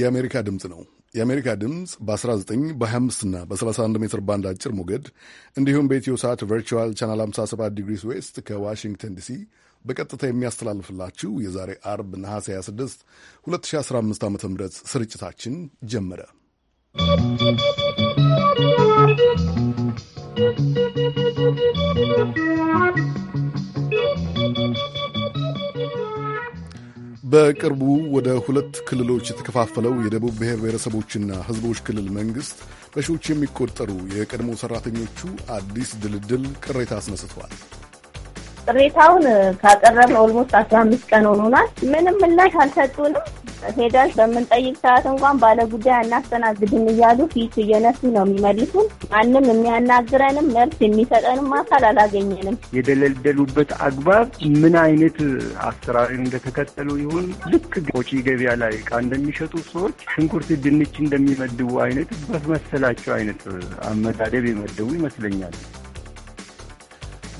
የአሜሪካ ድምፅ ነው። የአሜሪካ ድምፅ በ19 በ25 እና በ31 ሜትር ባንድ አጭር ሞገድ እንዲሁም በኢትዮ ሰዓት ቨርቹዋል ቻናል 57 ዲግሪስ ዌስት ከዋሽንግተን ዲሲ በቀጥታ የሚያስተላልፍላችሁ የዛሬ አርብ ነሐሴ 26 2015 ዓ ም ስርጭታችን ጀመረ። በቅርቡ ወደ ሁለት ክልሎች የተከፋፈለው የደቡብ ብሔር ብሔረሰቦችና ሕዝቦች ክልል መንግሥት በሺዎች የሚቆጠሩ የቀድሞ ሠራተኞቹ አዲስ ድልድል ቅሬታ አስነስተዋል። ቅሬታውን ካቀረብ ኦልሞስት አስራ አምስት ቀን ሆኖናል። ምንም ምላሽ አልሰጡንም። ሄደን በምንጠይቅ ሰዓት እንኳን ባለጉዳይ ጉዳይ አናስተናግድም እያሉ ፊት እየነሱ ነው የሚመልሱን። ማንም የሚያናግረንም መልስ የሚሰጠንም አካል አላገኘንም። የደለደሉበት አግባብ ምን አይነት አሰራር እንደተከተሉ ይሁን ልክ ወጪ ገበያ ላይ እቃ እንደሚሸጡ ሰዎች ሽንኩርት፣ ድንች እንደሚመድቡ አይነት በመሰላቸው አይነት አመዳደብ የመደቡ ይመስለኛል።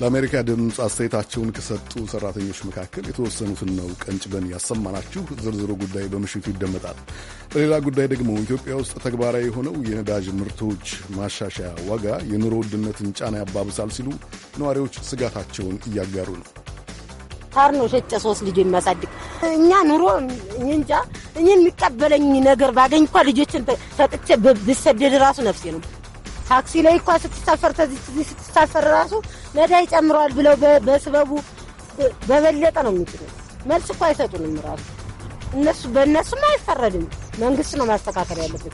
ለአሜሪካ ድምፅ አስተያየታቸውን ከሰጡ ሰራተኞች መካከል የተወሰኑትን ነው ቀንጭበን ያሰማናችሁ። ዝርዝሩ ጉዳይ በምሽቱ ይደመጣል። በሌላ ጉዳይ ደግሞ ኢትዮጵያ ውስጥ ተግባራዊ የሆነው የነዳጅ ምርቶች ማሻሻያ ዋጋ የኑሮ ውድነትን ጫና ያባብሳል ሲሉ ነዋሪዎች ስጋታቸውን እያጋሩ ነው። ታር ነው ሸጨ ሶስት ልጅ የሚያሳድግ እኛ ኑሮ እንጃ እኔ የሚቀበለኝ ነገር ባገኝ እኳ ልጆችን ሰጥቼ ብሰደድ ራሱ ነፍሴ ነው ታክሲ ላይ እኳ ስትሳፈር ተዚህ ስትሳፈር ራሱ ነዳይ ጨምሯል ብለው በስበቡ በበለጠ ነው የሚጭኑት። መልስ እኳ አይሰጡንም። ራሱ እነሱ በእነሱም አይፈረድም። መንግስት ነው ማስተካከል ያለበት።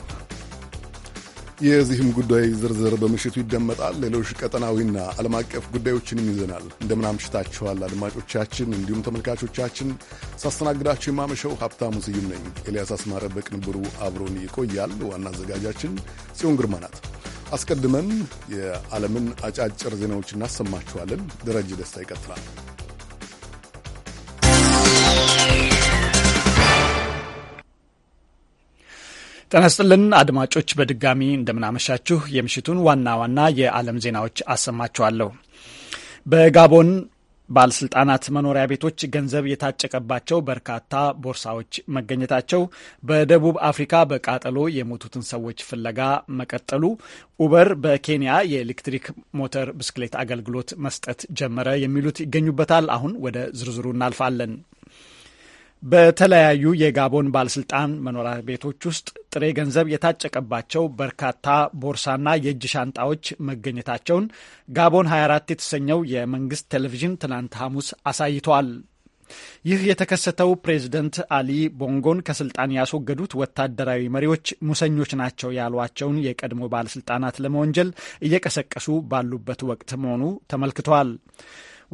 የዚህም ጉዳይ ዝርዝር በምሽቱ ይደመጣል። ሌሎች ቀጠናዊና ዓለም አቀፍ ጉዳዮችንም ይዘናል። እንደምን አምሽታችኋል አድማጮቻችን፣ እንዲሁም ተመልካቾቻችን። ሳስተናግዳችሁ የማመሸው ሀብታሙ ስዩም ነኝ። ኤልያስ አስማረ በቅንብሩ አብሮን ይቆያል። ዋና አዘጋጃችን ጽዮን ግርማ ናት። አስቀድመን የዓለምን አጫጭር ዜናዎች እናሰማችኋለን። ደረጀ ደስታ ይቀጥላል። ጤና ይስጥልን አድማጮች፣ በድጋሚ እንደምናመሻችሁ። የምሽቱን ዋና ዋና የዓለም ዜናዎች አሰማችኋለሁ። በጋቦን ባለስልጣናት መኖሪያ ቤቶች ገንዘብ የታጨቀባቸው በርካታ ቦርሳዎች መገኘታቸው፣ በደቡብ አፍሪካ በቃጠሎ የሞቱትን ሰዎች ፍለጋ መቀጠሉ፣ ኡበር በኬንያ የኤሌክትሪክ ሞተር ብስክሌት አገልግሎት መስጠት ጀመረ የሚሉት ይገኙበታል። አሁን ወደ ዝርዝሩ እናልፋለን። በተለያዩ የጋቦን ባለስልጣን መኖሪያ ቤቶች ውስጥ ጥሬ ገንዘብ የታጨቀባቸው በርካታ ቦርሳና የእጅ ሻንጣዎች መገኘታቸውን ጋቦን 24 የተሰኘው የመንግስት ቴሌቪዥን ትናንት ሐሙስ አሳይቷል። ይህ የተከሰተው ፕሬዝደንት አሊ ቦንጎን ከስልጣን ያስወገዱት ወታደራዊ መሪዎች ሙሰኞች ናቸው ያሏቸውን የቀድሞ ባለስልጣናት ለመወንጀል እየቀሰቀሱ ባሉበት ወቅት መሆኑ ተመልክቷል።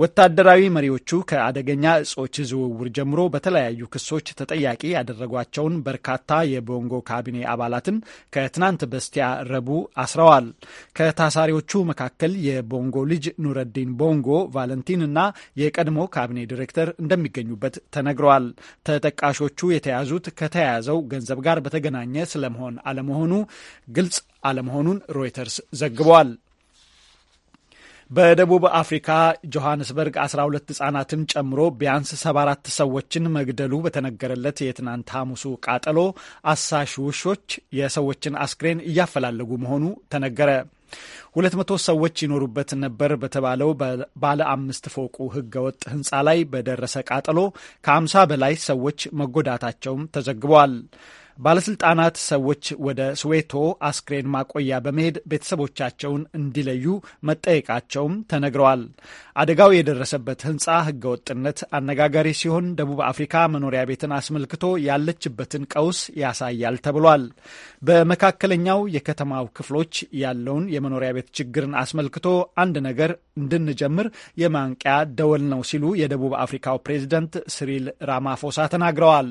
ወታደራዊ መሪዎቹ ከአደገኛ እጾች ዝውውር ጀምሮ በተለያዩ ክሶች ተጠያቂ ያደረጓቸውን በርካታ የቦንጎ ካቢኔ አባላትን ከትናንት በስቲያ ረቡ አስረዋል። ከታሳሪዎቹ መካከል የቦንጎ ልጅ ኑረዲን ቦንጎ ቫለንቲን እና የቀድሞ ካቢኔ ዲሬክተር እንደሚገኙበት ተነግረዋል። ተጠቃሾቹ የተያዙት ከተያያዘው ገንዘብ ጋር በተገናኘ ስለመሆን አለመሆኑ ግልጽ አለመሆኑን ሮይተርስ ዘግቧል። በደቡብ አፍሪካ ጆሐንስበርግ 12 ህጻናትን ጨምሮ ቢያንስ 74 ሰዎችን መግደሉ በተነገረለት የትናንት ሐሙሱ ቃጠሎ አሳሽ ውሾች የሰዎችን አስክሬን እያፈላለጉ መሆኑ ተነገረ። 200 ሰዎች ይኖሩበት ነበር በተባለው ባለ አምስት ፎቁ ህገወጥ ህንፃ ላይ በደረሰ ቃጠሎ ከ50 በላይ ሰዎች መጎዳታቸውም ተዘግበዋል። ባለስልጣናት ሰዎች ወደ ስዌቶ አስክሬን ማቆያ በመሄድ ቤተሰቦቻቸውን እንዲለዩ መጠየቃቸውም ተነግረዋል። አደጋው የደረሰበት ህንፃ ህገወጥነት አነጋጋሪ ሲሆን፣ ደቡብ አፍሪካ መኖሪያ ቤትን አስመልክቶ ያለችበትን ቀውስ ያሳያል ተብሏል። በመካከለኛው የከተማው ክፍሎች ያለውን የመኖሪያ ቤት ችግርን አስመልክቶ አንድ ነገር እንድንጀምር የማንቂያ ደወል ነው ሲሉ የደቡብ አፍሪካው ፕሬዚደንት ሲሪል ራማፎሳ ተናግረዋል።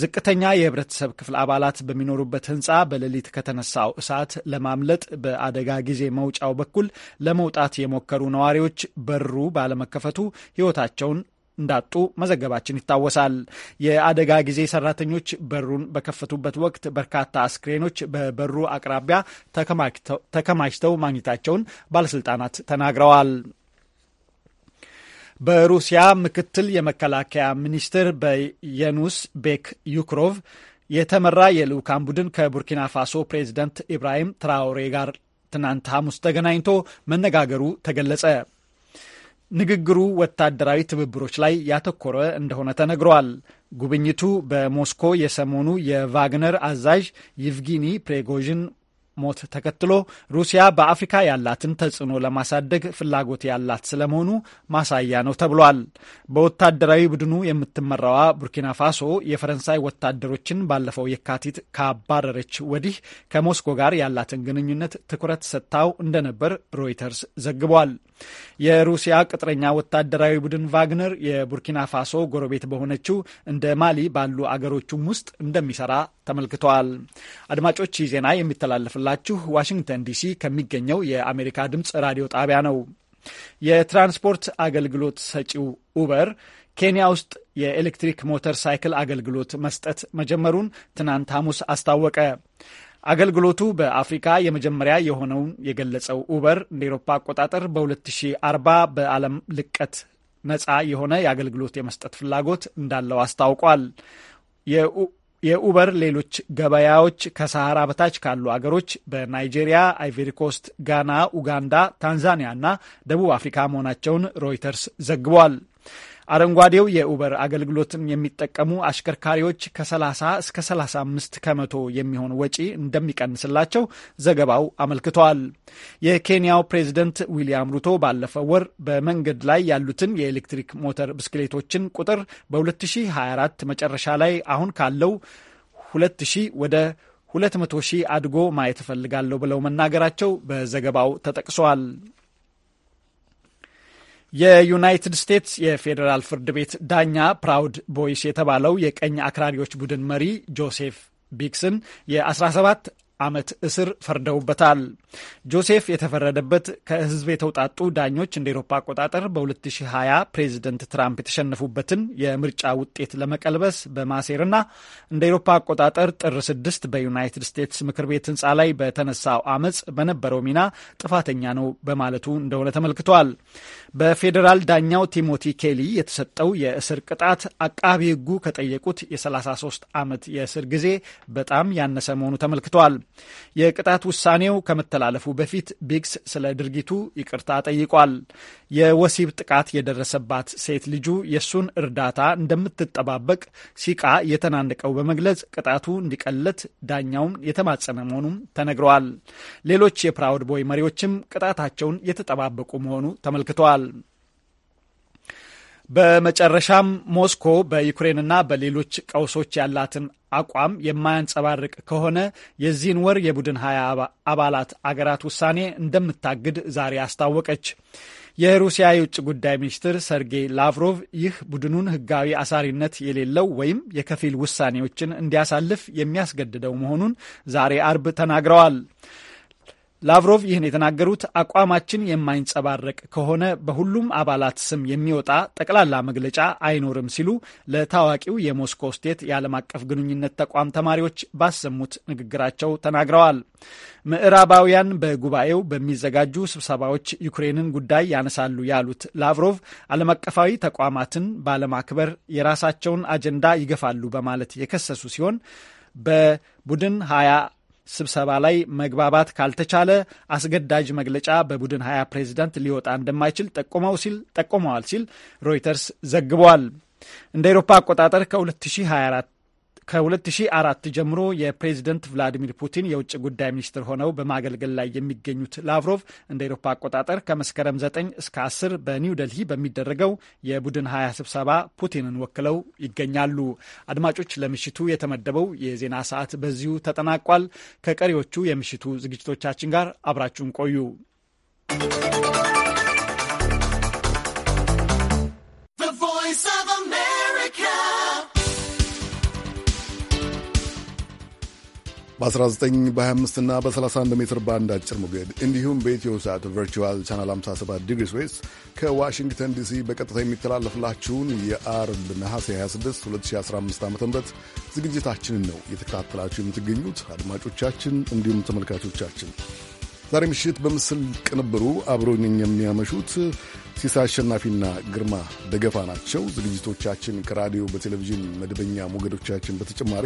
ዝቅተኛ የህብረተሰብ ክፍል አባላት በሚኖሩበት ህንፃ በሌሊት ከተነሳው እሳት ለማምለጥ በአደጋ ጊዜ መውጫው በኩል ለመውጣት የሞከሩ ነዋሪዎች በሩ ባለመከፈቱ ህይወታቸውን እንዳጡ መዘገባችን ይታወሳል። የአደጋ ጊዜ ሰራተኞች በሩን በከፈቱበት ወቅት በርካታ አስክሬኖች በበሩ አቅራቢያ ተከማችተው ማግኘታቸውን ባለስልጣናት ተናግረዋል። በሩሲያ ምክትል የመከላከያ ሚኒስትር በየኑስ ቤክ ዩክሮቭ የተመራ የልዑካን ቡድን ከቡርኪና ፋሶ ፕሬዚደንት ኢብራሂም ትራውሬ ጋር ትናንት ሐሙስ ተገናኝቶ መነጋገሩ ተገለጸ። ንግግሩ ወታደራዊ ትብብሮች ላይ ያተኮረ እንደሆነ ተነግሯል። ጉብኝቱ በሞስኮ የሰሞኑ የቫግነር አዛዥ ይቭጊኒ ፕሬጎዥን ሞት ተከትሎ ሩሲያ በአፍሪካ ያላትን ተጽዕኖ ለማሳደግ ፍላጎት ያላት ስለመሆኑ ማሳያ ነው ተብሏል። በወታደራዊ ቡድኑ የምትመራዋ ቡርኪና ፋሶ የፈረንሳይ ወታደሮችን ባለፈው የካቲት ካባረረች ወዲህ ከሞስኮ ጋር ያላትን ግንኙነት ትኩረት ሰጥታው እንደነበር ሮይተርስ ዘግቧል። የሩሲያ ቅጥረኛ ወታደራዊ ቡድን ቫግነር የቡርኪና ፋሶ ጎረቤት በሆነችው እንደ ማሊ ባሉ አገሮቹም ውስጥ እንደሚሰራ ተመልክተዋል። አድማጮች ይህ ዜና የሚተላለፍላችሁ ዋሽንግተን ዲሲ ከሚገኘው የአሜሪካ ድምፅ ራዲዮ ጣቢያ ነው። የትራንስፖርት አገልግሎት ሰጪው ኡበር ኬንያ ውስጥ የኤሌክትሪክ ሞተር ሳይክል አገልግሎት መስጠት መጀመሩን ትናንት ሐሙስ አስታወቀ። አገልግሎቱ በአፍሪካ የመጀመሪያ የሆነውን የገለጸው ኡበር እንደ ኤሮፓ አቆጣጠር በ2040 በዓለም ልቀት ነፃ የሆነ የአገልግሎት የመስጠት ፍላጎት እንዳለው አስታውቋል። የኡበር ሌሎች ገበያዎች ከሰሃራ በታች ካሉ አገሮች በናይጄሪያ፣ አይቬሪኮስት፣ ጋና፣ ኡጋንዳ፣ ታንዛኒያ እና ደቡብ አፍሪካ መሆናቸውን ሮይተርስ ዘግቧል። አረንጓዴው የኡበር አገልግሎትን የሚጠቀሙ አሽከርካሪዎች ከ30 እስከ 35 ከመቶ የሚሆን ወጪ እንደሚቀንስላቸው ዘገባው አመልክተዋል። የኬንያው ፕሬዝደንት ዊሊያም ሩቶ ባለፈው ወር በመንገድ ላይ ያሉትን የኤሌክትሪክ ሞተር ብስክሌቶችን ቁጥር በ2024 መጨረሻ ላይ አሁን ካለው 2000 ወደ 200 ሺህ አድጎ ማየት እፈልጋለሁ ብለው መናገራቸው በዘገባው ተጠቅሷል። የዩናይትድ ስቴትስ የፌዴራል ፍርድ ቤት ዳኛ ፕራውድ ቦይስ የተባለው የቀኝ አክራሪዎች ቡድን መሪ ጆሴፍ ቢክስን የ17 ዓመት እስር ፈርደውበታል። ጆሴፍ የተፈረደበት ከህዝብ የተውጣጡ ዳኞች እንደ ኤሮፓ አቆጣጠር በ2020 ፕሬዚደንት ትራምፕ የተሸነፉበትን የምርጫ ውጤት ለመቀልበስ በማሴርና እንደ ኤሮፓ አቆጣጠር ጥር 6 በዩናይትድ ስቴትስ ምክር ቤት ህንፃ ላይ በተነሳው አመፅ በነበረው ሚና ጥፋተኛ ነው በማለቱ እንደሆነ ተመልክቷል። በፌዴራል ዳኛው ቲሞቲ ኬሊ የተሰጠው የእስር ቅጣት አቃቢ ህጉ ከጠየቁት የ33 ዓመት የእስር ጊዜ በጣም ያነሰ መሆኑ ተመልክቷል። የቅጣት ውሳኔው ከመተላለፉ በፊት ቢግስ ስለ ድርጊቱ ይቅርታ ጠይቋል። የወሲብ ጥቃት የደረሰባት ሴት ልጁ የእሱን እርዳታ እንደምትጠባበቅ ሲቃ የተናነቀው በመግለጽ ቅጣቱ እንዲቀለት ዳኛውም የተማጸነ መሆኑም ተነግረዋል። ሌሎች የፕራውድ ቦይ መሪዎችም ቅጣታቸውን የተጠባበቁ መሆኑ ተመልክተዋል። በመጨረሻም ሞስኮ በዩክሬንና በሌሎች ቀውሶች ያላትን አቋም የማያንጸባርቅ ከሆነ የዚህን ወር የቡድን ሀያ አባላት አገራት ውሳኔ እንደምታግድ ዛሬ አስታወቀች። የሩሲያ የውጭ ጉዳይ ሚኒስትር ሰርጌይ ላቭሮቭ ይህ ቡድኑን ሕጋዊ አሳሪነት የሌለው ወይም የከፊል ውሳኔዎችን እንዲያሳልፍ የሚያስገድደው መሆኑን ዛሬ አርብ ተናግረዋል። ላቭሮቭ ይህን የተናገሩት አቋማችን የማይንጸባረቅ ከሆነ በሁሉም አባላት ስም የሚወጣ ጠቅላላ መግለጫ አይኖርም ሲሉ ለታዋቂው የሞስኮ ስቴት የዓለም አቀፍ ግንኙነት ተቋም ተማሪዎች ባሰሙት ንግግራቸው ተናግረዋል። ምዕራባውያን በጉባኤው በሚዘጋጁ ስብሰባዎች ዩክሬንን ጉዳይ ያነሳሉ ያሉት ላቭሮቭ ዓለም አቀፋዊ ተቋማትን ባለማክበር የራሳቸውን አጀንዳ ይገፋሉ በማለት የከሰሱ ሲሆን በቡድን ሀያ ስብሰባ ላይ መግባባት ካልተቻለ አስገዳጅ መግለጫ በቡድን ሀያ ፕሬዚዳንት ሊወጣ እንደማይችል ጠቁመው ሲል ጠቁመዋል ሲል ሮይተርስ ዘግቧል። እንደ ኤሮፓ አቆጣጠር ከ2024 ከ2004 ጀምሮ የፕሬዚደንት ቭላዲሚር ፑቲን የውጭ ጉዳይ ሚኒስትር ሆነው በማገልገል ላይ የሚገኙት ላቭሮቭ እንደ ኤሮፓ አቆጣጠር ከመስከረም 9 እስከ 10 በኒው ደልሂ በሚደረገው የቡድን 20 ስብሰባ ፑቲንን ወክለው ይገኛሉ። አድማጮች፣ ለምሽቱ የተመደበው የዜና ሰዓት በዚሁ ተጠናቋል። ከቀሪዎቹ የምሽቱ ዝግጅቶቻችን ጋር አብራችሁን ቆዩ። በ19 በ25 እና በ31 ሜትር ባንድ አጭር ሞገድ እንዲሁም በኢትዮ ሰዓት ቨርቹዋል ቻናል 57 ዲግሪ ስዌስት ከዋሽንግተን ዲሲ በቀጥታ የሚተላለፍላችሁን የአርብ ነሐሴ 26 2015 ዓ ም ዝግጅታችንን ነው እየተከታተላችሁ የምትገኙት አድማጮቻችን፣ እንዲሁም ተመልካቾቻችን። ዛሬ ምሽት በምስል ቅንብሩ አብሮኝ የሚያመሹት ሲሳ አሸናፊና ግርማ ደገፋ ናቸው። ዝግጅቶቻችን ከራዲዮ በቴሌቪዥን መደበኛ ሞገዶቻችን በተጨማሪ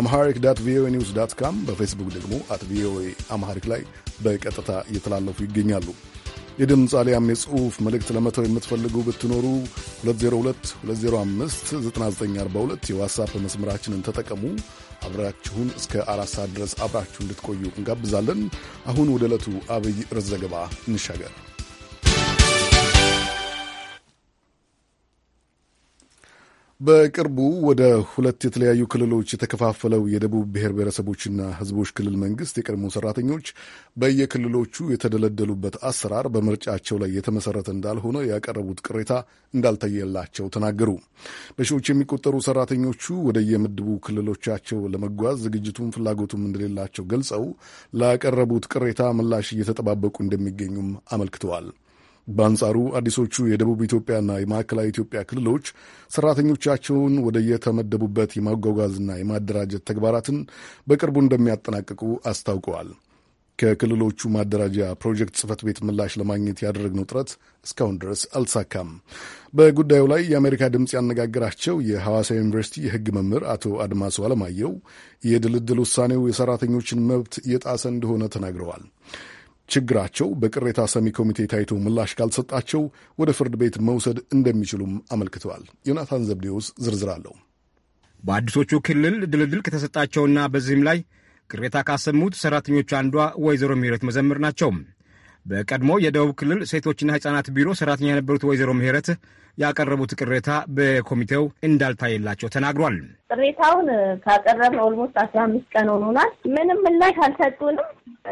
አምሃሪክ ዳት ቪኦኤ ኒውስ ዳት ካም፣ በፌስቡክ ደግሞ አት ቪኦኤ አምሃሪክ ላይ በቀጥታ እየተላለፉ ይገኛሉ። የድምፅ አሊያም የጽሑፍ መልእክት ለመተው የምትፈልጉ ብትኖሩ 2022059942 የዋትሳፕ መስመራችንን ተጠቀሙ። አብራችሁን እስከ አራት ሰዓት ድረስ አብራችሁ እንድትቆዩ እንጋብዛለን። አሁን ወደ ዕለቱ አብይ ርዕስ ዘገባ እንሻገር። በቅርቡ ወደ ሁለት የተለያዩ ክልሎች የተከፋፈለው የደቡብ ብሔር ብሔረሰቦችና ሕዝቦች ክልል መንግስት የቀድሞ ሰራተኞች በየክልሎቹ የተደለደሉበት አሰራር በምርጫቸው ላይ የተመሰረተ እንዳልሆነ ያቀረቡት ቅሬታ እንዳልታየላቸው ተናገሩ። በሺዎች የሚቆጠሩ ሰራተኞቹ ወደ የምድቡ ክልሎቻቸው ለመጓዝ ዝግጅቱም ፍላጎቱም እንደሌላቸው ገልጸው ላቀረቡት ቅሬታ ምላሽ እየተጠባበቁ እንደሚገኙም አመልክተዋል። በአንጻሩ አዲሶቹ የደቡብ ኢትዮጵያና የማዕከላዊ ኢትዮጵያ ክልሎች ሰራተኞቻቸውን ወደ የተመደቡበት የማጓጓዝና የማደራጀት ተግባራትን በቅርቡ እንደሚያጠናቅቁ አስታውቀዋል። ከክልሎቹ ማደራጃ ፕሮጀክት ጽህፈት ቤት ምላሽ ለማግኘት ያደረግነው ጥረት እስካሁን ድረስ አልተሳካም። በጉዳዩ ላይ የአሜሪካ ድምፅ ያነጋገራቸው የሐዋሳ ዩኒቨርሲቲ የሕግ መምህር አቶ አድማሱ አለማየሁ የድልድል ውሳኔው የሰራተኞችን መብት የጣሰ እንደሆነ ተናግረዋል። ችግራቸው በቅሬታ ሰሚ ኮሚቴ ታይቶ ምላሽ ካልሰጣቸው ወደ ፍርድ ቤት መውሰድ እንደሚችሉም አመልክተዋል። ዮናታን ዘብዴዎስ ዝርዝር አለው። በአዲሶቹ ክልል ድልድል ከተሰጣቸውና በዚህም ላይ ቅሬታ ካሰሙት ሰራተኞች አንዷ ወይዘሮ ምህረት መዘምር ናቸው። በቀድሞ የደቡብ ክልል ሴቶችና ሕፃናት ቢሮ ሰራተኛ የነበሩት ወይዘሮ ምህረት ያቀረቡት ቅሬታ በኮሚቴው እንዳልታየላቸው ተናግሯል። ቅሬታውን ካቀረብን ኦልሞስት አስራ አምስት ቀን ሆኖናል። ምንም ምላሽ አልሰጡንም።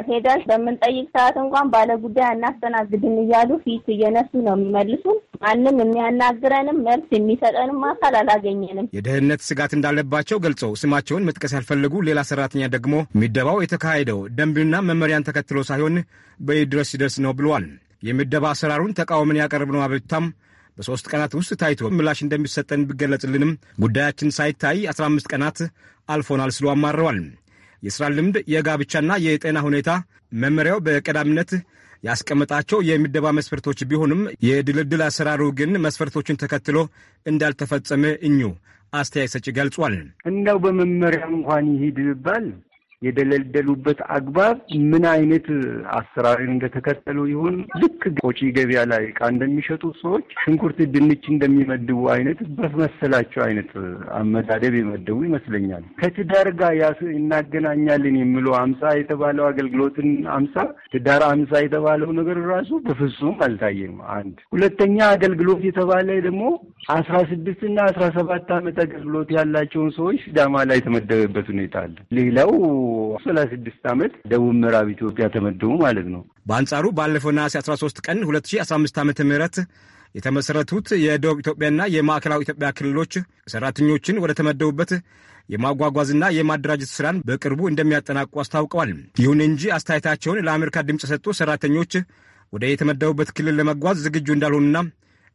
ሄደን በምንጠይቅ ሰዓት እንኳን ባለ ጉዳይ አናስተናግድም እያሉ ፊት እየነሱ ነው የሚመልሱን። ማንም የሚያናግረንም መልስ የሚሰጠንም አካል አላገኘንም። የደህንነት ስጋት እንዳለባቸው ገልጸው ስማቸውን መጥቀስ ያልፈለጉ ሌላ ሰራተኛ ደግሞ ምደባው የተካሄደው ደንብና መመሪያን ተከትሎ ሳይሆን በይድረስ ይደርስ ነው ብለዋል። የምደባ አሰራሩን ተቃውሞን ያቀረብነው አቤቱታም በሶስት ቀናት ውስጥ ታይቶ ምላሽ እንደሚሰጠን ቢገለጽልንም ጉዳያችን ሳይታይ 15 ቀናት አልፎናል ሲሉ አማረዋል። የሥራ ልምድ፣ የጋብቻና የጤና ሁኔታ መመሪያው በቀዳሚነት ያስቀመጣቸው የሚደባ መስፈርቶች ቢሆንም የድልድል አሰራሩ ግን መስፈርቶችን ተከትሎ እንዳልተፈጸመ እኙ አስተያየት ሰጪ ገልጿል። እንደው በመመሪያ እንኳን ይሂድ ይባል የደለደሉበት አግባብ ምን አይነት አሰራሪ እንደተከተሉ ይሆን? ልክ ቆጪ ገበያ ላይ እቃ እንደሚሸጡ ሰዎች ሽንኩርት፣ ድንች እንደሚመድቡ አይነት በመሰላቸው አይነት አመዳደብ የመደቡ ይመስለኛል። ከትዳር ጋር ያስ እናገናኛለን የሚለው አምሳ የተባለው አገልግሎትን አምሳ ትዳር አምሳ የተባለው ነገር ራሱ በፍጹም አልታየም። አንድ ሁለተኛ አገልግሎት የተባለ ደግሞ አስራ ስድስት እና አስራ ሰባት ዓመት አገልግሎት ያላቸውን ሰዎች ሲዳማ ላይ የተመደበበት ሁኔታ አለ። ሌላው ሰላሳ ስድስት ዓመት ደቡብ ምዕራብ ኢትዮጵያ ተመደቡ ማለት ነው። በአንጻሩ ባለፈው ነሐሴ 13 ቀን 2015 ዓ ም የተመሠረቱት የደቡብ ኢትዮጵያና የማዕከላዊ ኢትዮጵያ ክልሎች ሠራተኞችን ወደ ተመደቡበት የማጓጓዝና የማደራጀት ስራን በቅርቡ እንደሚያጠናቁ አስታውቀዋል። ይሁን እንጂ አስተያየታቸውን ለአሜሪካ ድምፅ ሰጥቶ ሠራተኞች ወደ የተመደቡበት ክልል ለመጓዝ ዝግጁ እንዳልሆኑና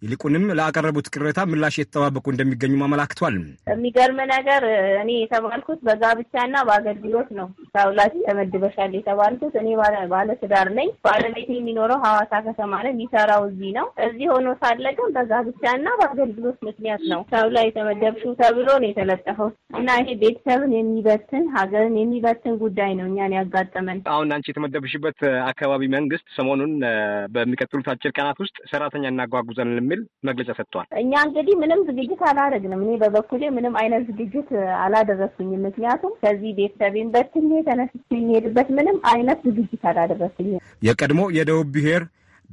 ይልቁንም ላቀረቡት ቅሬታ ምላሽ የተጠባበቁ እንደሚገኙም አመላክቷል። የሚገርም ነገር እኔ የተባልኩት በጋብቻና በአገልግሎት ነው። ሳውላች ተመድበሻል የተባልኩት እኔ ባለትዳር ነኝ። ባለቤት የሚኖረው ሀዋሳ ከተማ ነው። የሚሰራው እዚህ ነው። እዚህ ሆኖ ሳለ ግን በጋብቻና በአገልግሎት ምክንያት ነው ሳውላ የተመደብሹ ተብሎ ነው የተለጠፈው እና ይሄ ቤተሰብን የሚበትን ሀገርን የሚበትን ጉዳይ ነው እኛን ያጋጠመን። አሁን አንቺ የተመደብሽበት አካባቢ መንግስት ሰሞኑን በሚቀጥሉት አጭር ቀናት ውስጥ ሰራተኛ እናጓጉዘን የሚል መግለጫ ሰጥተዋል። እኛ እንግዲህ ምንም ዝግጅት አላደረግንም። እኔ በበኩሌ ምንም አይነት ዝግጅት አላደረሱኝም። ምክንያቱም ከዚህ ቤተሰቤን በትኜ ተነስቼ የሚሄድበት ምንም አይነት ዝግጅት አላደረስኩኝም። የቀድሞ የደቡብ ብሔር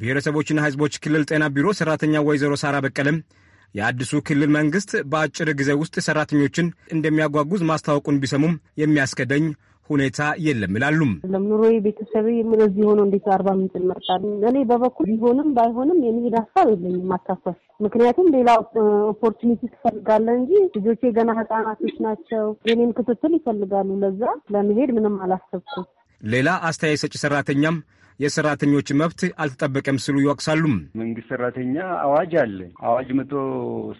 ብሔረሰቦችና ህዝቦች ክልል ጤና ቢሮ ሰራተኛ ወይዘሮ ሳራ በቀለም የአዲሱ ክልል መንግስት በአጭር ጊዜ ውስጥ ሰራተኞችን እንደሚያጓጉዝ ማስታወቁን ቢሰሙም የሚያስከደኝ ሁኔታ የለም ይላሉም። ለምኑሮ ቤተሰብ እዚህ ሆኖ እንዴት አርባ ምንጭ እንመርጣለን? እኔ በበኩል ቢሆንም ባይሆንም የመሄድ ሀሳብ የለኝም ማካፈል። ምክንያቱም ሌላ ኦፖርቹኒቲ ትፈልጋለ እንጂ ልጆቼ ገና ህጻናቶች ናቸው። የኔን ክትትል ይፈልጋሉ። ለዛ ለመሄድ ምንም አላሰብኩም። ሌላ አስተያየት ሰጪ ሰራተኛም የሰራተኞች መብት አልተጠበቀም ሲሉ ይወቅሳሉ። መንግስት ሰራተኛ አዋጅ አለ። አዋጅ መቶ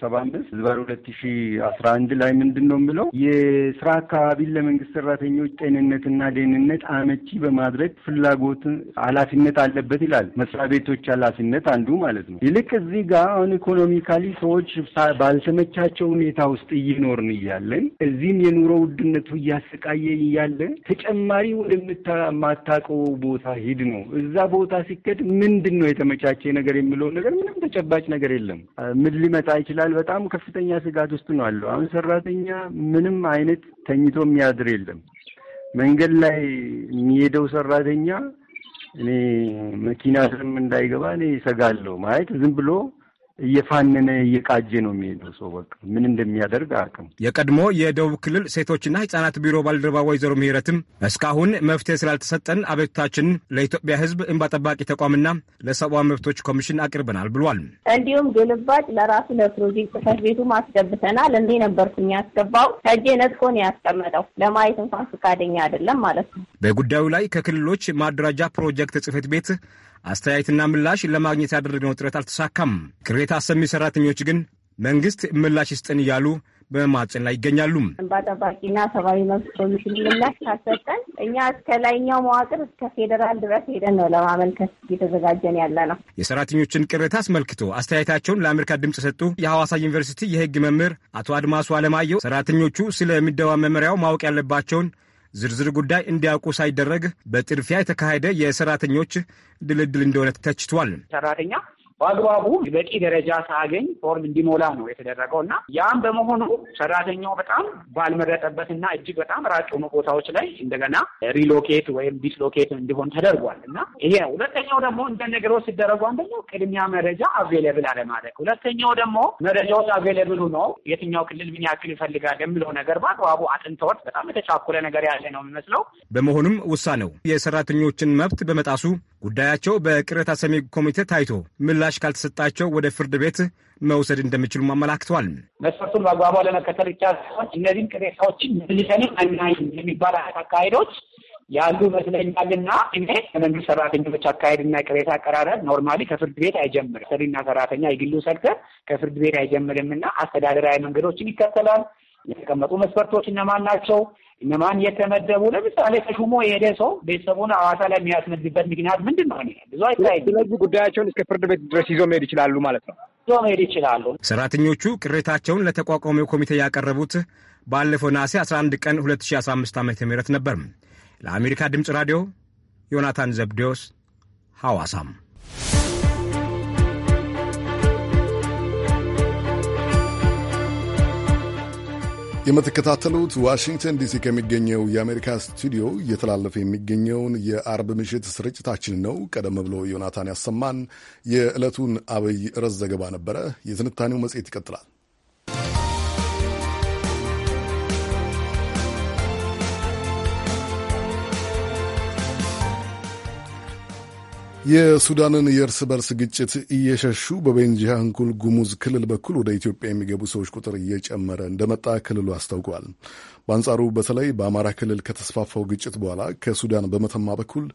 ሰባ አምስት ዝባር ሁለት ሺ አስራ አንድ ላይ ምንድን ነው የሚለው የስራ አካባቢን ለመንግስት ሰራተኞች ጤንነትና ደህንነት አመቺ በማድረግ ፍላጎት ኃላፊነት አለበት ይላል። መስሪያ ቤቶች ኃላፊነት አንዱ ማለት ነው። ይልቅ እዚህ ጋር አሁን ኢኮኖሚካሊ ሰዎች ባልተመቻቸው ሁኔታ ውስጥ እየኖርን እያለን እዚህም የኑሮ ውድነቱ እያሰቃየ እያለ ተጨማሪ ወደምታማታቀው ቦታ ሂድ ነው እዛ ቦታ ሲከድ ምንድን ነው የተመቻቸ ነገር የሚለው ነገር ምንም ተጨባጭ ነገር የለም። ምን ሊመጣ ይችላል? በጣም ከፍተኛ ስጋት ውስጥ ነው አለው። አሁን ሰራተኛ ምንም አይነት ተኝቶ የሚያድር የለም። መንገድ ላይ የሚሄደው ሰራተኛ እኔ መኪና ስም እንዳይገባ እኔ ይሰጋለሁ። ማለት ዝም ብሎ እየፋነነ እየቃጀ ነው የሚሄደው ሰው በቃ ምን እንደሚያደርግ አቅም። የቀድሞ የደቡብ ክልል ሴቶችና ህጻናት ቢሮ ባልደረባ ወይዘሮ ምህረትም እስካሁን መፍትሄ ስላልተሰጠን አቤቱታችን ለኢትዮጵያ ህዝብ እንባ ጠባቂ ተቋምና ለሰብአዊ መብቶች ኮሚሽን አቅርበናል ብሏል። እንዲሁም ግልባጭ ለራሱ ለፕሮጀክት ጽህፈት ቤቱም አስገብተናል። እንዴ ነበርኩኝ ያስገባው ከእጄ ነጥቆን ያስቀመጠው ለማየት እንኳን ፈቃደኛ አይደለም ማለት ነው። በጉዳዩ ላይ ከክልሎች ማደራጃ ፕሮጀክት ጽህፈት ቤት አስተያየትና ምላሽ ለማግኘት ያደረግነው ጥረት አልተሳካም። ቅሬታ አሰሚ ሰራተኞች ግን መንግስት ምላሽ ይስጥን እያሉ በማጽን ላይ ይገኛሉ። እንባ ጠባቂና ሰብአዊ መብት ኮሚሽን ምላሽ ካሰጠን እኛ እስከ ላይኛው መዋቅር እስከ ፌዴራል ድረስ ሄደን ነው ለማመልከት እየተዘጋጀን ያለ ነው። የሰራተኞችን ቅሬታ አስመልክቶ አስተያየታቸውን ለአሜሪካ ድምፅ የሰጡ የሐዋሳ ዩኒቨርሲቲ የህግ መምህር አቶ አድማሱ አለማየሁ ሰራተኞቹ ስለሚደዋ መመሪያው ማወቅ ያለባቸውን ዝርዝር ጉዳይ እንዲያውቁ ሳይደረግ በጥድፊያ የተካሄደ የሰራተኞች ድልድል እንደሆነ ተችቷል። ሰራተኛ በአግባቡ በቂ ደረጃ ሳገኝ ፎርም እንዲሞላ ነው የተደረገው እና ያም በመሆኑ ሰራተኛው በጣም ባልመረጠበት እጅግ በጣም ራቅ የሆኑ ቦታዎች ላይ እንደገና ሪሎኬት ወይም ዲስሎኬት እንዲሆን ተደርጓል እና ይሄ ነው። ሁለተኛው ደግሞ እንደ ነገሮች ሲደረጉ አንደኛው ቅድሚያ መረጃ አቬሌብል አለማድረግ፣ ሁለተኛው ደግሞ መረጃዎች አቬሌብል ሆኖ የትኛው ክልል ምን ያክል ይፈልጋል የሚለው ነገር በአግባቡ አጥንተወት በጣም የተቻኮለ ነገር ያለ ነው የሚመስለው። በመሆኑም ውሳኔው የሰራተኞችን መብት በመጣሱ ጉዳያቸው በቅሬታ ሰሚ ኮሚቴ ታይቶ ምላሽ ምላሽ ካልተሰጣቸው ወደ ፍርድ ቤት መውሰድ እንደሚችሉም አመላክተዋል። መስፈርቱን በአግባቡ ለመከተል ብቻ ሳይሆን እነዚህም ቅሬታዎችን መልሰንም አናይም የሚባል አካሄዶች ያሉ ይመስለኛልና እኔ ከመንግስት ሰራተኞች አካሄድና ቅሬታ አቀራረብ ኖርማሊ ከፍርድ ቤት አይጀምርም። ሰሪና ሰራተኛ የግሉ ሰርተ ከፍርድ ቤት አይጀምርምና አስተዳደራዊ መንገዶችን ይከተላል። የተቀመጡ መስፈርቶች እነማን ናቸው? እነማን የተመደቡ? ለምሳሌ ተሹሞ የሄደ ሰው ቤተሰቡን ሐዋሳ ላይ የሚያስመድብበት ምክንያት ምንድን ነው? ብዙ አይታይ። ስለዚህ ጉዳያቸውን እስከ ፍርድ ቤት ድረስ ይዞ መሄድ ይችላሉ ማለት ነው። ይዞ መሄድ ይችላሉ። ሰራተኞቹ ቅሬታቸውን ለተቋቋሚው ኮሚቴ ያቀረቡት ባለፈው ነሐሴ 11 ቀን 2015 ዓ ም ነበር። ለአሜሪካ ድምፅ ራዲዮ ዮናታን ዘብዴዎስ ሐዋሳም የምትከታተሉት ዋሽንግተን ዲሲ ከሚገኘው የአሜሪካ ስቱዲዮ እየተላለፈ የሚገኘውን የአርብ ምሽት ስርጭታችን ነው። ቀደም ብሎ ዮናታን ያሰማን የዕለቱን አብይ ርዕስ ዘገባ ነበረ። የትንታኔው መጽሔት ይቀጥላል። የሱዳንን የእርስ በርስ ግጭት እየሸሹ በቤንጂ ጉሙዝ ክልል በኩል ወደ ኢትዮጵያ የሚገቡ ሰዎች ቁጥር እየጨመረ እንደመጣ ክልሉ አስታውቋል። በአንጻሩ በተለይ በአማራ ክልል ከተስፋፋው ግጭት በኋላ ከሱዳን በመተማ በኩል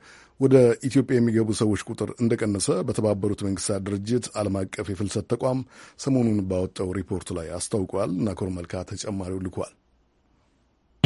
ወደ ኢትዮጵያ የሚገቡ ሰዎች ቁጥር እንደቀነሰ በተባበሩት መንግስታት ድርጅት ዓለም አቀፍ የፍልሰት ተቋም ሰሞኑን ባወጣው ሪፖርት ላይ አስታውቋል። ናኮር መልካ ተጨማሪው ልኳል።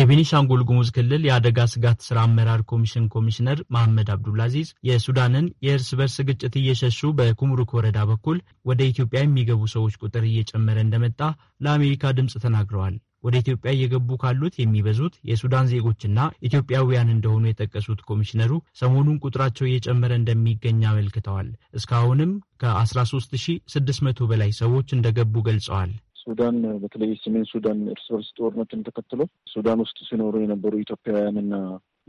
የቤኒሻንጉል ጉሙዝ ክልል የአደጋ ስጋት ስራ አመራር ኮሚሽን ኮሚሽነር መሐመድ አብዱልአዚዝ የሱዳንን የእርስ በርስ ግጭት እየሸሹ በኩምሩክ ወረዳ በኩል ወደ ኢትዮጵያ የሚገቡ ሰዎች ቁጥር እየጨመረ እንደመጣ ለአሜሪካ ድምፅ ተናግረዋል። ወደ ኢትዮጵያ እየገቡ ካሉት የሚበዙት የሱዳን ዜጎችና ኢትዮጵያውያን እንደሆኑ የጠቀሱት ኮሚሽነሩ ሰሞኑን ቁጥራቸው እየጨመረ እንደሚገኝ አመልክተዋል። እስካሁንም ከ13600 በላይ ሰዎች እንደገቡ ገልጸዋል። ሱዳን በተለይ ሰሜን ሱዳን እርስ በርስ ጦርነትን ተከትሎ ሱዳን ውስጥ ሲኖሩ የነበሩ ኢትዮጵያውያንና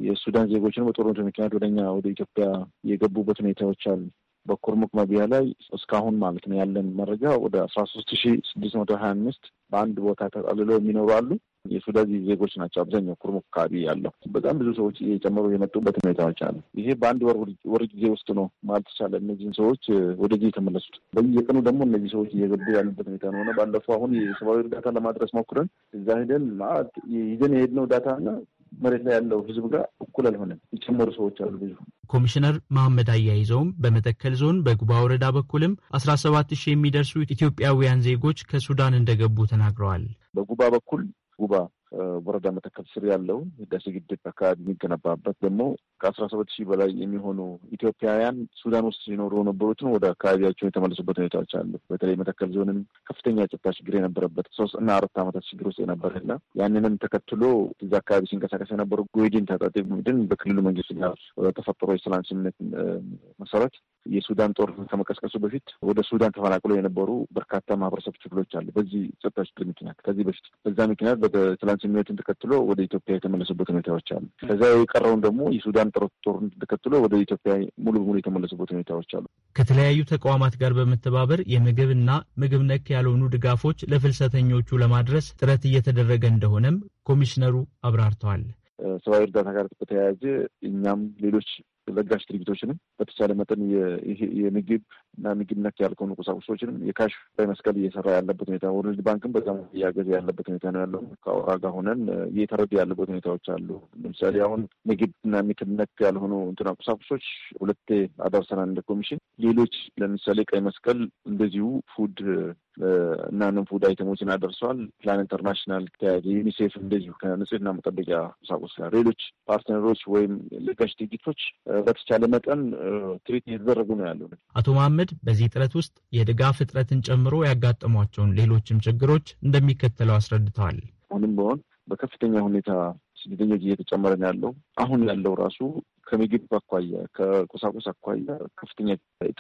የሱዳን ዜጎች ነው በጦርነቱ ምክንያት ወደኛ ወደ ኢትዮጵያ የገቡበት ሁኔታዎች አሉ። በኮርሙክ መቢያ ላይ እስካሁን ማለት ነው ያለን መረጃ ወደ አስራ ሶስት ሺ ስድስት መቶ ሀያ አምስት በአንድ ቦታ ተጠልለው የሚኖሩ አሉ። የሱዳዚ ዜጎች ናቸው አብዛኛው ኩርሙ አካባቢ ያለው በጣም ብዙ ሰዎች እየጨመሩ የመጡበት ሁኔታዎች አሉ። ይሄ በአንድ ወር ጊዜ ውስጥ ነው ማለት ይቻላል እነዚህን ሰዎች ወደዚህ የተመለሱት። በየቀኑ ደግሞ እነዚህ ሰዎች እየገቡ ያሉበት ሁኔታ ነው ባለፈው አሁን የሰብአዊ እርዳታ ለማድረስ ሞክረን እዛ ሄደን ማለት ይዘን የሄድነው ና መሬት ላይ ያለው ህዝብ ጋር እኩል አልሆነም። የጨመሩ ሰዎች አሉ ብዙ። ኮሚሽነር መሐመድ አያይዘውም በመተከል ዞን በጉባ ወረዳ በኩልም አስራ ሰባት ሺህ የሚደርሱ ኢትዮጵያውያን ዜጎች ከሱዳን እንደገቡ ተናግረዋል። በጉባ በኩል ውባ ወረዳ መተከል ስር ያለውን ህዳሴ ግድብ አካባቢ የሚገነባበት ደግሞ ከአስራ ሰባት ሺህ በላይ የሚሆኑ ኢትዮጵያውያን ሱዳን ውስጥ ሲኖሩ ነበሩትን ወደ አካባቢያቸውን የተመለሱበት ሁኔታዎች አሉ። በተለይ መተከል ዞንም ከፍተኛ ጸጥታ ችግር የነበረበት ሶስት እና አራት ዓመታት ችግር ውስጥ የነበረና ያንንም ተከትሎ እዛ አካባቢ ሲንቀሳቀስ የነበሩ ጎይዲን ታጣቂ ቡድን በክልሉ መንግስት ጋር ተፈጥሮ የሰላም ስምምነት መሰረት የሱዳን ጦርነት ከመቀስቀሱ በፊት ወደ ሱዳን ተፈናቅሎ የነበሩ በርካታ ማህበረሰብ ክፍሎች አሉ። በዚህ ጸጥታ ችግር ምክንያት ከዚህ በፊት በዛ ምክንያት በትላንትነትን ተከትሎ ወደ ኢትዮጵያ የተመለሱበት ሁኔታዎች አሉ። ከዛ የቀረውን ደግሞ የሱዳን ጦርነት ተከትሎ ወደ ኢትዮጵያ ሙሉ በሙሉ የተመለሱበት ሁኔታዎች አሉ። ከተለያዩ ተቋማት ጋር በመተባበር የምግብና ምግብ ነክ ያልሆኑ ድጋፎች ለፍልሰተኞቹ ለማድረስ ጥረት እየተደረገ እንደሆነም ኮሚሽነሩ አብራርተዋል። ሰብአዊ እርዳታ ጋር በተያያዘ እኛም ሌሎች ለጋሽ ድርጅቶችንም በተቻለ መጠን የምግብ እና ምግብ ያልከሆኑ ቁሳቁሶችንም የካሽ በመስቀል እየሰራ ያለበት ሁኔታ ወርልድ ባንክም በዛ እያገዘ ያለበት ሁኔታ ነው ያለው። ከአውራ ጋር ሆነን እየተረዱ ያለበት ሁኔታዎች አሉ። ለምሳሌ አሁን ምግብና ምግብ ነክ ያልሆኑ እንትና ቁሳቁሶች ሁለቴ አዳርሰናል እንደ ኮሚሽን። ሌሎች ለምሳሌ ቀይ መስቀል እንደዚሁ ፉድ እና ነን ፉድ አይተሞችን አደርሰዋል። ፕላን ኢንተርናሽናል ተያያዘ ዩኒሴፍ እንደዚሁ ከንጽህና መጠበቂያ ቁሳቁስ ጋር ሌሎች ፓርትነሮች ወይም ለጋሽ ድርጅቶች በተቻለ መጠን ትሪት እየተደረጉ ነው ያለው አቶ መሀመድ አህመድ በዚህ ጥረት ውስጥ የድጋፍ እጥረትን ጨምሮ ያጋጠሟቸውን ሌሎችም ችግሮች እንደሚከተለው አስረድተዋል። አሁንም በሆን በከፍተኛ ሁኔታ ስደተኞች እየተጨመረ ነው ያለው። አሁን ያለው ራሱ ከምግብ አኳያ ከቁሳቁስ አኳያ ከፍተኛ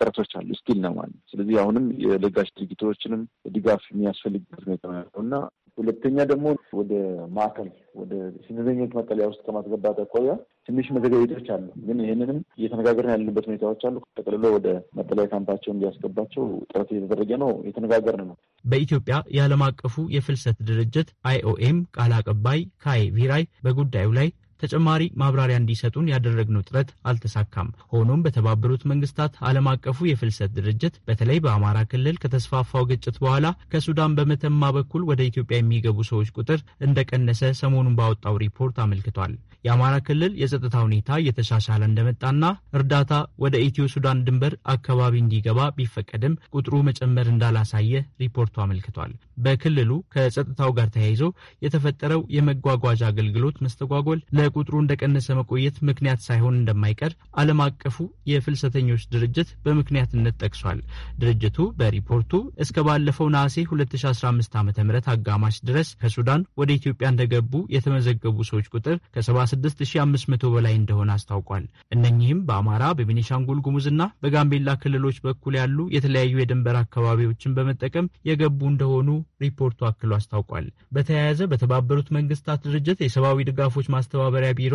ጥረቶች አሉ ስቲል ነው ማለት። ስለዚህ አሁንም የለጋሽ ድርጊቶችንም ድጋፍ የሚያስፈልግበት ሁኔታ ነው ያለው እና ሁለተኛ ደግሞ ወደ ማዕከል ወደ ስደተኞች መጠለያ ውስጥ ከማስገባት አኳያ ትንሽ መዘጋጀቶች አሉ። ግን ይህንንም እየተነጋገርን ያለንበት ሁኔታዎች አሉ። ጠቅልሎ ወደ መጠለያ ካምፓቸው እንዲያስገባቸው ጥረት እየተደረገ ነው። እየተነጋገርን ነው። በኢትዮጵያ የዓለም አቀፉ የፍልሰት ድርጅት አይኦኤም ቃል አቀባይ ካይ ቪራይ በጉዳዩ ላይ ተጨማሪ ማብራሪያ እንዲሰጡን ያደረግነው ጥረት አልተሳካም። ሆኖም በተባበሩት መንግስታት ዓለም አቀፉ የፍልሰት ድርጅት በተለይ በአማራ ክልል ከተስፋፋው ግጭት በኋላ ከሱዳን በመተማ በኩል ወደ ኢትዮጵያ የሚገቡ ሰዎች ቁጥር እንደቀነሰ ሰሞኑን ባወጣው ሪፖርት አመልክቷል። የአማራ ክልል የጸጥታ ሁኔታ እየተሻሻለ እንደመጣና እርዳታ ወደ ኢትዮ ሱዳን ድንበር አካባቢ እንዲገባ ቢፈቀድም ቁጥሩ መጨመር እንዳላሳየ ሪፖርቱ አመልክቷል። በክልሉ ከጸጥታው ጋር ተያይዞ የተፈጠረው የመጓጓዣ አገልግሎት መስተጓጎል ቁጥሩ እንደቀነሰ መቆየት ምክንያት ሳይሆን እንደማይቀር ዓለም አቀፉ የፍልሰተኞች ድርጅት በምክንያትነት ጠቅሷል። ድርጅቱ በሪፖርቱ እስከ ባለፈው ነሐሴ 2015 ዓ ም አጋማሽ ድረስ ከሱዳን ወደ ኢትዮጵያ እንደገቡ የተመዘገቡ ሰዎች ቁጥር ከ76500 በላይ እንደሆነ አስታውቋል። እነኚህም በአማራ በቤኒሻንጉል ጉሙዝና በጋምቤላ ክልሎች በኩል ያሉ የተለያዩ የድንበር አካባቢዎችን በመጠቀም የገቡ እንደሆኑ ሪፖርቱ አክሎ አስታውቋል። በተያያዘ በተባበሩት መንግስታት ድርጅት የሰብአዊ ድጋፎች ማስተባበሪያ ማስተባበሪያ ቢሮ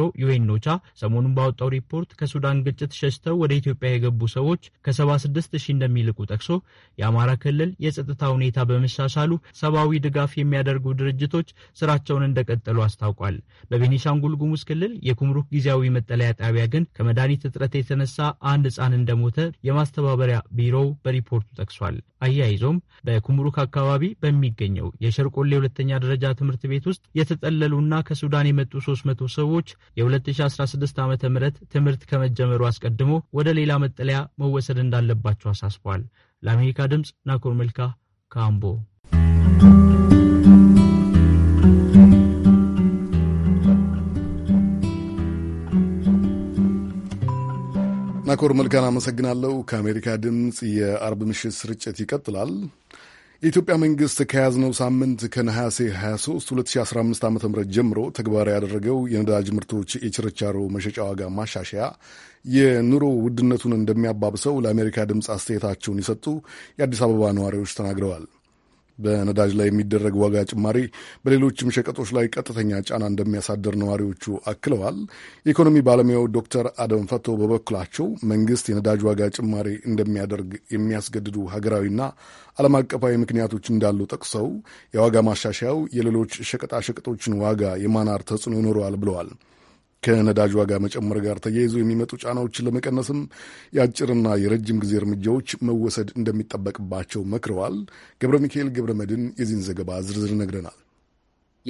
ኖቻ ሰሞኑን ባወጣው ሪፖርት ከሱዳን ግጭት ሸሽተው ወደ ኢትዮጵያ የገቡ ሰዎች ከ76 ሺህ እንደሚልቁ ጠቅሶ የአማራ ክልል የጸጥታ ሁኔታ በመሻሻሉ ሰብአዊ ድጋፍ የሚያደርጉ ድርጅቶች ስራቸውን እንደቀጠሉ አስታውቋል። በቤኒሻንጉል ጉሙዝ ክልል የኩምሩክ ጊዜያዊ መጠለያ ጣቢያ ግን ከመድኃኒት እጥረት የተነሳ አንድ ሕፃን እንደሞተ የማስተባበሪያ ቢሮው በሪፖርቱ ጠቅሷል። አያይዞም በኩምሩክ አካባቢ በሚገኘው የሸርቆሌ ሁለተኛ ደረጃ ትምህርት ቤት ውስጥ የተጠለሉና ከሱዳን የመጡ 300 ሰዎች ሰዎች የ2016 ዓ ም ትምህርት ከመጀመሩ አስቀድሞ ወደ ሌላ መጠለያ መወሰድ እንዳለባቸው አሳስበዋል። ለአሜሪካ ድምፅ ናኮር መልካ ካምቦ ናኮር መልካን አመሰግናለሁ። ከአሜሪካ ድምፅ የአርብ ምሽት ስርጭት ይቀጥላል። የኢትዮጵያ መንግሥት ከያዝነው ሳምንት ከነሐሴ 23 2015 ዓ ም ጀምሮ ተግባራዊ ያደረገው የነዳጅ ምርቶች የችርቻሮ መሸጫ ዋጋ ማሻሻያ የኑሮ ውድነቱን እንደሚያባብሰው ለአሜሪካ ድምፅ አስተያየታቸውን የሰጡ የአዲስ አበባ ነዋሪዎች ተናግረዋል። በነዳጅ ላይ የሚደረግ ዋጋ ጭማሪ በሌሎችም ሸቀጦች ላይ ቀጥተኛ ጫና እንደሚያሳድር ነዋሪዎቹ አክለዋል። የኢኮኖሚ ባለሙያው ዶክተር አደም ፈቶ በበኩላቸው መንግስት የነዳጅ ዋጋ ጭማሪ እንደሚያደርግ የሚያስገድዱ ሀገራዊና ዓለም አቀፋዊ ምክንያቶች እንዳሉ ጠቅሰው የዋጋ ማሻሻያው የሌሎች ሸቀጣሸቀጦችን ዋጋ የማናር ተጽዕኖ ይኖረዋል ብለዋል። ከነዳጅ ዋጋ መጨመር ጋር ተያይዞ የሚመጡ ጫናዎችን ለመቀነስም የአጭርና የረጅም ጊዜ እርምጃዎች መወሰድ እንደሚጠበቅባቸው መክረዋል። ገብረ ሚካኤል ገብረ መድን የዚህን ዘገባ ዝርዝር ይነግረናል።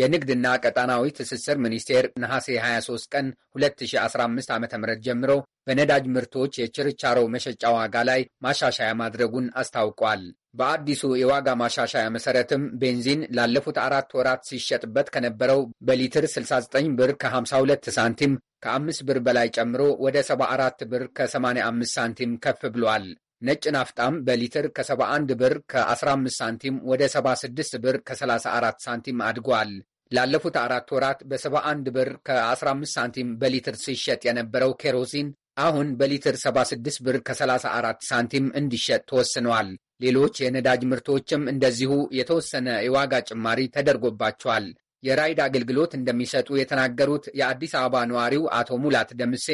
የንግድና ቀጣናዊ ትስስር ሚኒስቴር ነሐሴ 23 ቀን 2015 ዓ ም ጀምሮ በነዳጅ ምርቶች የችርቻሮ መሸጫ ዋጋ ላይ ማሻሻያ ማድረጉን አስታውቋል። በአዲሱ የዋጋ ማሻሻያ መሠረትም ቤንዚን ላለፉት አራት ወራት ሲሸጥበት ከነበረው በሊትር 69 ብር ከ52 ሳንቲም ከ5 ብር በላይ ጨምሮ ወደ 74 ብር ከ85 ሳንቲም ከፍ ብሏል። ነጭ ናፍጣም በሊትር ከ71 ብር ከ15 ሳንቲም ወደ 76 ብር ከ34 ሳንቲም አድጓል። ላለፉት አራት ወራት በ71 ብር ከ15 ሳንቲም በሊትር ሲሸጥ የነበረው ኬሮሲን አሁን በሊትር 76 ብር ከ34 ሳንቲም እንዲሸጥ ተወስኗል። ሌሎች የነዳጅ ምርቶችም እንደዚሁ የተወሰነ የዋጋ ጭማሪ ተደርጎባቸዋል። የራይድ አገልግሎት እንደሚሰጡ የተናገሩት የአዲስ አበባ ነዋሪው አቶ ሙላት ደምሴ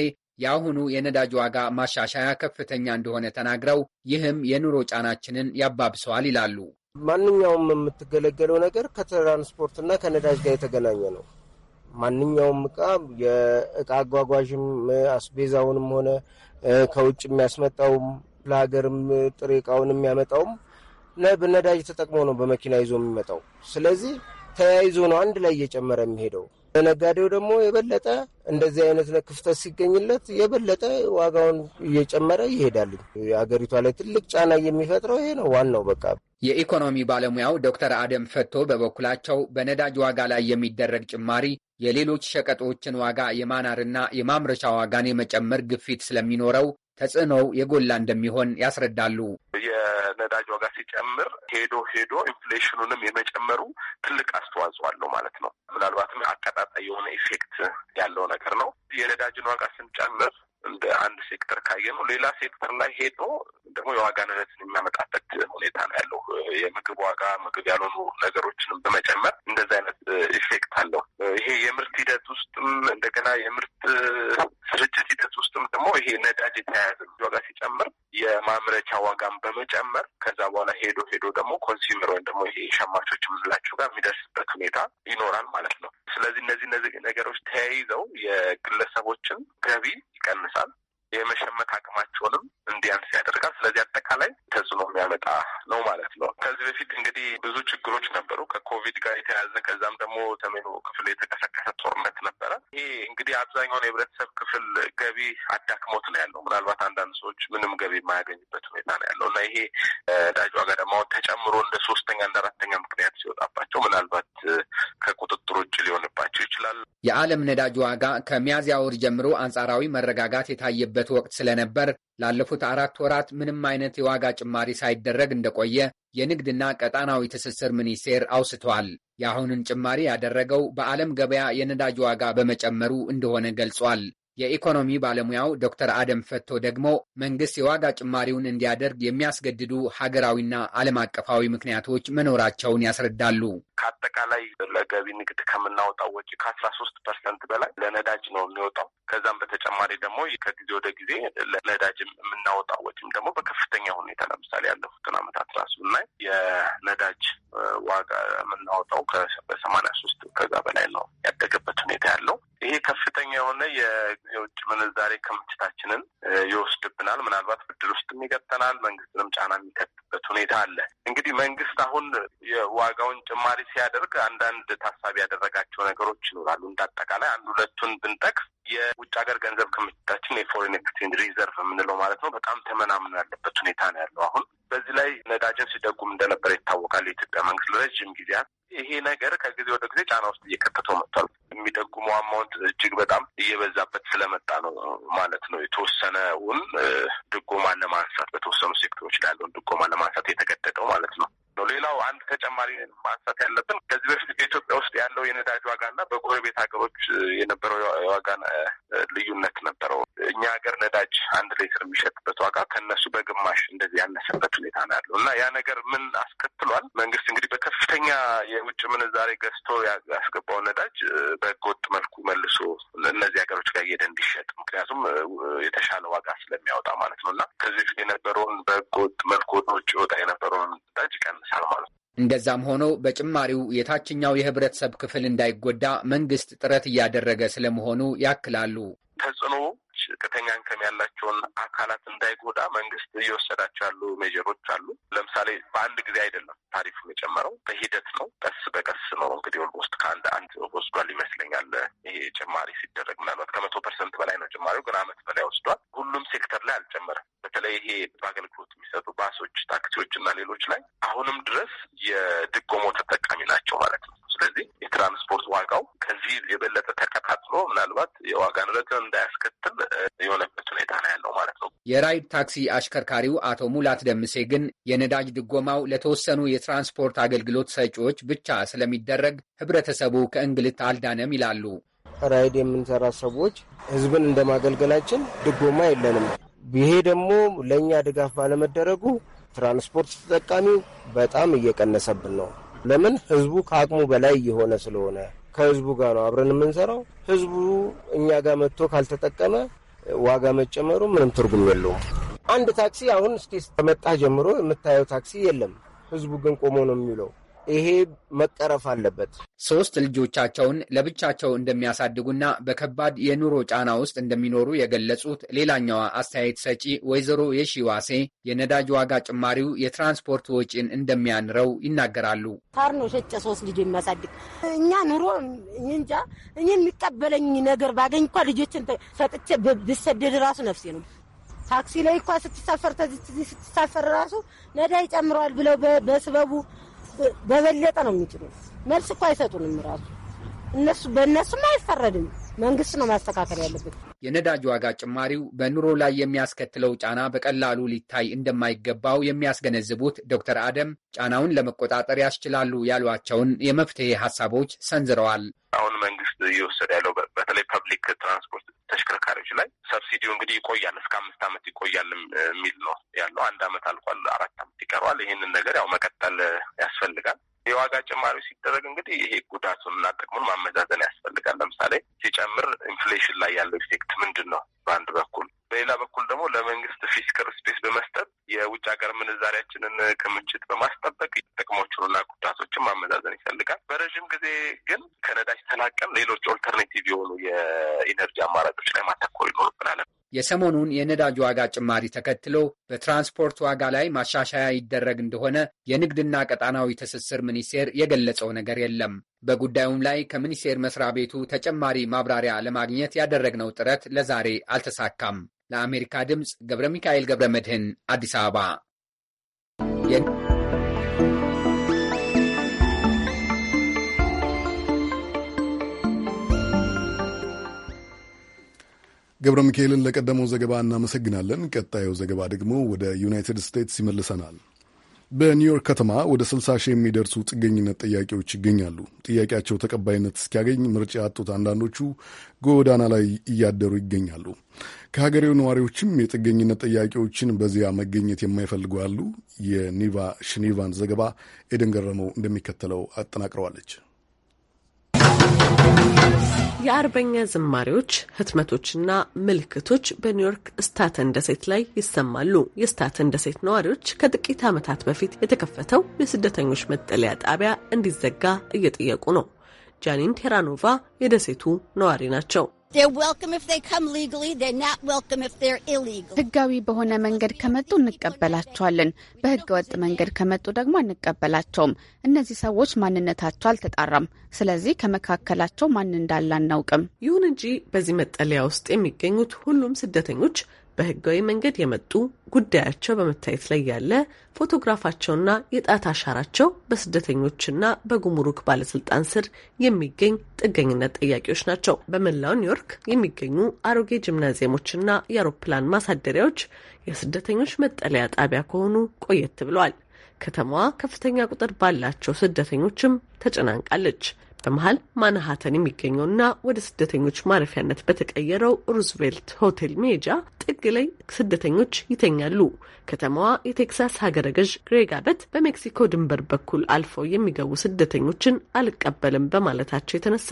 የአሁኑ የነዳጅ ዋጋ ማሻሻያ ከፍተኛ እንደሆነ ተናግረው ይህም የኑሮ ጫናችንን ያባብሰዋል ይላሉ። ማንኛውም የምትገለገለው ነገር ከትራንስፖርትና ከነዳጅ ጋር የተገናኘ ነው። ማንኛውም እቃ የእቃ አጓጓዥም አስቤዛውንም ሆነ ከውጭ የሚያስመጣውም ለሀገርም ጥሬ እቃውን የሚያመጣውም በነዳጅ ተጠቅሞ ነው በመኪና ይዞ የሚመጣው። ስለዚህ ተያይዞ ነው አንድ ላይ እየጨመረ የሚሄደው። ነጋዴው ደግሞ የበለጠ እንደዚህ አይነት ክፍተት ሲገኝለት የበለጠ ዋጋውን እየጨመረ ይሄዳል። ሀገሪቷ ላይ ትልቅ ጫና የሚፈጥረው ይሄ ነው ዋናው በቃ። የኢኮኖሚ ባለሙያው ዶክተር አደም ፈቶ በበኩላቸው በነዳጅ ዋጋ ላይ የሚደረግ ጭማሪ የሌሎች ሸቀጦችን ዋጋ የማናርና የማምረቻ ዋጋን የመጨመር ግፊት ስለሚኖረው ተጽዕኖው የጎላ እንደሚሆን ያስረዳሉ። የነዳጅ ዋጋ ሲጨምር ሄዶ ሄዶ ኢንፍሌሽኑንም የመጨመሩ ትልቅ አስተዋጽኦ አለው ማለት ነው። ምናልባትም አቀጣጣይ የሆነ ኢፌክት ያለው ነገር ነው። የነዳጅን ዋጋ ስንጨምር እንደ አንድ ሴክተር ካየ ነው። ሌላ ሴክተር ላይ ሄዶ ደግሞ የዋጋ ንረትን የሚያመጣበት ሁኔታ ነው ያለው። የምግብ ዋጋ፣ ምግብ ያልሆኑ ነገሮችንም በመጨመር እንደዚ አይነት ኢፌክት አለው። ይሄ የምርት ሂደት ውስጥም እንደገና የምርት ስርጭት ሂደት ውስጥም ደግሞ ይሄ ነዳጅ የተያያዘ ዋጋ ሲጨምር የማምረቻ ዋጋም በመጨመር ከዛ በኋላ ሄዶ ሄዶ ደግሞ ኮንሱመር ወይም ደግሞ ይሄ ሸማቾች የምንላቸው ጋር የሚደርስበት ሁኔታ ይኖራል ማለት ነው። ስለዚህ እነዚህ እነዚህ ነገሮች ተያይዘው የግለሰቦችን ገቢ ይቀንሳል። የመሸመት አቅማቸውንም እንዲያንስ ያደርጋል። ስለዚህ አጠቃላይ ተጽዕኖ የሚያመጣ ነው ማለት ነው። ከዚህ በፊት እንግዲህ ብዙ ችግሮች ነበሩ ከኮቪድ ጋር የተያያዘ ከዛም ደግሞ ሰሜኑ ክፍል የተቀሰቀሰ ጦርነት ነበረ። ይሄ እንግዲህ አብዛኛውን የህብረተሰብ ክፍል ገቢ አዳክሞት ነው ያለው። ምናልባት አንዳንድ ሰዎች ምንም ገቢ የማያገኝበት ሁኔታ ነው ያለው እና ይሄ ነዳጅ ዋጋ ደግሞ ተጨምሮ እንደ ሶስተኛ እንደ አራተኛ ምክንያት ሲወጣባቸው ምናልባት ከቁጥጥር ውጭ ሊሆንባቸው ይችላል። የዓለም ነዳጅ ዋጋ ከሚያዝያ ወር ጀምሮ አንጻራዊ መረጋጋት የታየበት የግሽበት ወቅት ስለነበር ላለፉት አራት ወራት ምንም አይነት የዋጋ ጭማሪ ሳይደረግ እንደቆየ የንግድና ቀጣናዊ ትስስር ሚኒስቴር አውስቷል። የአሁንን ጭማሪ ያደረገው በዓለም ገበያ የነዳጅ ዋጋ በመጨመሩ እንደሆነ ገልጿል። የኢኮኖሚ ባለሙያው ዶክተር አደም ፈቶ ደግሞ መንግስት የዋጋ ጭማሪውን እንዲያደርግ የሚያስገድዱ ሀገራዊና ዓለም አቀፋዊ ምክንያቶች መኖራቸውን ያስረዳሉ። ከአጠቃላይ ለገቢ ንግድ ከምናወጣው ወጪ ከአስራ ሶስት ፐርሰንት በላይ ለነዳጅ ነው የሚወጣው። ከዛም በተጨማሪ ደግሞ ከጊዜ ወደ ጊዜ ለነዳጅ የምናወጣው ወጪም ደግሞ በከፍተኛ ሁኔታ ለምሳሌ ያለፉትን ዓመታት ራሱ ብናይ የነዳጅ ዋጋ የምናወጣው በሰማንያ ሶስት ከዛ በላይ ነው የሆነ የውጭ ምንዛሬ ክምችታችንን ይወስድብናል። ምናልባት ብድር ውስጥም ይገተናል መንግስትንም ጫና የሚከትበት ሁኔታ አለ። እንግዲህ መንግስት አሁን የዋጋውን ጭማሪ ሲያደርግ አንዳንድ ታሳቢ ያደረጋቸው ነገሮች ይኖራሉ። እንዳጠቃላይ አንድ ሁለቱን ብንጠቅስ የውጭ ሀገር ገንዘብ ክምችታችን የፎሬን ኤክስቼንጅ ሪዘርቭ የምንለው ማለት ነው በጣም ተመናምኖ ያለበት ሁኔታ ነው ያለው አሁን በዚህ ላይ ነዳጅን ሲደጉም እንደነበረ ይታወቃል። የኢትዮጵያ መንግስት ለረዥም ጊዜያት ይሄ ነገር ከጊዜ ወደ ጊዜ ጫና ውስጥ እየከተተው መጥቷል። የሚደጉመው አማውንት እጅግ በጣም እየበዛበት ስለመጣ ነው ማለት ነው። የተወሰነውን ድጎማ ለማንሳት በተወሰኑ ሴክተሮች ላይ ያለውን ድጎማ ለማንሳት የተገደደው ማለት ነው። ሌላው አንድ ተጨማሪ ማንሳት ያለብን ከዚህ በፊት በኢትዮጵያ ውስጥ ያለው የነዳጅ ዋጋና በጎረቤት ሀገሮች የነበረው የዋጋ ልዩነት ነበረው። እኛ ሀገር ነዳጅ አንድ ሌትር የሚሸጥበት ዋጋ ከነሱ በግማሽ እንደዚህ ያነሰበት ሁኔታ ነው ያለው እና ያ ነገር ምን አስከትሏል? መንግስት እንግዲህ በከፍተኛ የውጭ ምንዛሬ ገዝቶ ያስገባውን ነዳጅ በህገወጥ መልኩ እንደዛም ሆኖ በጭማሪው የታችኛው የህብረተሰብ ክፍል እንዳይጎዳ መንግስት ጥረት እያደረገ ስለመሆኑ ያክላሉ። ተጽዕኖ ቅተኛ ንከም ያላቸውን አካላት እንዳይጎዳ መንግስት እየወሰዳቸው ያሉ ሜጀሮች አሉ። ለምሳሌ በአንድ ጊዜ አይደለም ታሪፉ የጨመረው፣ በሂደት ነው፣ ቀስ በቀስ ነው። እንግዲህ ኦልሞስት ከአንድ አንድ ወስዷል ይመስለኛል። ይሄ ጭማሪ ሲደረግ ምናልባት ከመቶ ፐርሰንት በላይ ነው ጭማሪው፣ ግን አመት በላይ ወስዷል። ሁሉም ሴክተር ላይ አልጨመረም። በተለይ ይሄ በአገልግሎት የሚሰጡ ባሶች፣ ታክሲዎች እና ሌሎች ላይ አሁንም ድረስ የድጎሞ ተጠቃሚ ናቸው ማለት ነው። ስለዚህ የትራንስፖርት ዋጋው ከዚህ የበለጠ ተቀጣጥሎ ምናልባት የዋጋ ንረትን እንዳያስከትል የሆነበት ሁኔታ ነው ያለው ማለት ነው። የራይድ ታክሲ አሽከርካሪው አቶ ሙላት ደምሴ ግን የነዳጅ ድጎማው ለተወሰኑ የትራንስፖርት አገልግሎት ሰጪዎች ብቻ ስለሚደረግ ህብረተሰቡ ከእንግልት አልዳነም ይላሉ። ራይድ የምንሰራ ሰዎች ህዝብን እንደማገልገላችን ድጎማ የለንም። ይሄ ደግሞ ለእኛ ድጋፍ ባለመደረጉ ትራንስፖርት ተጠቃሚው በጣም እየቀነሰብን ነው። ለምን ህዝቡ ከአቅሙ በላይ እየሆነ ስለሆነ ከህዝቡ ጋር ነው አብረን የምንሰራው። ህዝቡ እኛ ጋር መጥቶ ካልተጠቀመ ዋጋ መጨመሩ ምንም ትርጉም የለውም። አንድ ታክሲ አሁን እስኪ ከመጣ ጀምሮ የምታየው ታክሲ የለም። ህዝቡ ግን ቆሞ ነው የሚውለው። ይሄ መቀረፍ አለበት። ሶስት ልጆቻቸውን ለብቻቸው እንደሚያሳድጉና በከባድ የኑሮ ጫና ውስጥ እንደሚኖሩ የገለጹት ሌላኛዋ አስተያየት ሰጪ ወይዘሮ የሺዋሴ የነዳጅ ዋጋ ጭማሪው የትራንስፖርት ወጪን እንደሚያንረው ይናገራሉ። ታር ነው ሸጨ ሶስት ልጅ የሚያሳድግ እኛ ኑሮ እንጃ እኔ የሚቀበለኝ ነገር ባገኝ እኳ ልጆችን ሰጥቼ ብሰደድ ራሱ ነፍሴ ነው። ታክሲ ላይ እኳ ስትሳፈር ስትሳፈር ራሱ ነዳጅ ጨምረዋል ብለው በስበቡ በበለጠ ነው የሚጭኑት። መልስ እኮ አይሰጡንም ራሱ እነሱ በእነሱም አይፈረድም። መንግስት ነው ማስተካከል ያለበት። የነዳጅ ዋጋ ጭማሪው በኑሮ ላይ የሚያስከትለው ጫና በቀላሉ ሊታይ እንደማይገባው የሚያስገነዝቡት ዶክተር አደም ጫናውን ለመቆጣጠር ያስችላሉ ያሏቸውን የመፍትሄ ሀሳቦች ሰንዝረዋል። አሁን መንግስት እየወሰደ ያለው በተለይ ፐብሊክ ትራንስፖርት ተሽከርካሪዎች ላይ ሰብሲዲው እንግዲህ ይቆያል እስከ አምስት ዓመት ይቆያል የሚል ነው ያለው። አንድ ዓመት አልቋል፣ አራት ዓመት ይቀረዋል። ይህንን ነገር ያው መቀጠል ያስፈልጋል። የዋጋ ጭማሪ ሲደረግ እንግዲህ ይሄ ጉዳቱንና ጥቅሙን ማመዛዘን ያስፈልጋል። ለምሳሌ ሲጨምር ኢንፍሌሽን ላይ ያለው ኢፌክት ምንድን ነው? በአንድ በኩል በሌላ በኩል ደግሞ ለመንግስት ፊስካል ስፔስ በመስጠት የውጭ ሀገር ምንዛሪያችንን ክምችት በማስጠበቅ ጥቅሞቹንና ጉዳቶችን ማመዛዘን ይፈልጋል። በረዥም ጊዜ ግን ከነዳጅ ተላቀን ሌሎች ኦልተርኔቲቭ የሆኑ የኢነርጂ አማራጮች ላይ የሰሞኑን የነዳጅ ዋጋ ጭማሪ ተከትሎ በትራንስፖርት ዋጋ ላይ ማሻሻያ ይደረግ እንደሆነ የንግድና ቀጣናዊ ትስስር ሚኒስቴር የገለጸው ነገር የለም። በጉዳዩም ላይ ከሚኒስቴር መስሪያ ቤቱ ተጨማሪ ማብራሪያ ለማግኘት ያደረግነው ጥረት ለዛሬ አልተሳካም። ለአሜሪካ ድምፅ ገብረ ሚካኤል ገብረ መድህን አዲስ አበባ ገብረ ሚካኤልን ለቀደመው ዘገባ እናመሰግናለን። ቀጣዩ ዘገባ ደግሞ ወደ ዩናይትድ ስቴትስ ይመልሰናል። በኒውዮርክ ከተማ ወደ 60 ሺህ የሚደርሱ ጥገኝነት ጥያቄዎች ይገኛሉ። ጥያቄያቸው ተቀባይነት እስኪያገኝ ምርጫ ያጡት አንዳንዶቹ ጎዳና ላይ እያደሩ ይገኛሉ። ከሀገሬው ነዋሪዎችም የጥገኝነት ጥያቄዎችን በዚያ መገኘት የማይፈልጉ አሉ። የኒቫ ሽኒቫን ዘገባ ኤደን ገረመው እንደሚከተለው አጠናቅረዋለች። የአርበኛ ዝማሪዎች ህትመቶችና ምልክቶች በኒውዮርክ ስታተን ደሴት ላይ ይሰማሉ። የስታተን ደሴት ነዋሪዎች ከጥቂት ዓመታት በፊት የተከፈተው የስደተኞች መጠለያ ጣቢያ እንዲዘጋ እየጠየቁ ነው። ጃኒን ቴራኖቫ የደሴቱ ነዋሪ ናቸው። ህጋዊ በሆነ መንገድ ከመጡ እንቀበላቸዋለን። በህገ ወጥ መንገድ ከመጡ ደግሞ አንቀበላቸውም። እነዚህ ሰዎች ማንነታቸው አልተጣራም። ስለዚህ ከመካከላቸው ማን እንዳለ አናውቅም። ይሁን እንጂ በዚህ መጠለያ ውስጥ የሚገኙት ሁሉም ስደተኞች በህጋዊ መንገድ የመጡ ጉዳያቸው በመታየት ላይ ያለ ፎቶግራፋቸውና የጣት አሻራቸው በስደተኞችና በጉምሩክ ባለስልጣን ስር የሚገኝ ጥገኝነት ጠያቂዎች ናቸው። በመላው ኒውዮርክ የሚገኙ አሮጌ ጂምናዚየሞችና የአውሮፕላን ማሳደሪያዎች የስደተኞች መጠለያ ጣቢያ ከሆኑ ቆየት ብለዋል። ከተማዋ ከፍተኛ ቁጥር ባላቸው ስደተኞችም ተጨናንቃለች። በመሀል ማንሃተን የሚገኘውና ወደ ስደተኞች ማረፊያነት በተቀየረው ሩዝቬልት ሆቴል መሄጃ ጥግ ላይ ስደተኞች ይተኛሉ። ከተማዋ የቴክሳስ ሀገረ ገዥ ግሬግ አበት በሜክሲኮ ድንበር በኩል አልፈው የሚገቡ ስደተኞችን አልቀበልም በማለታቸው የተነሳ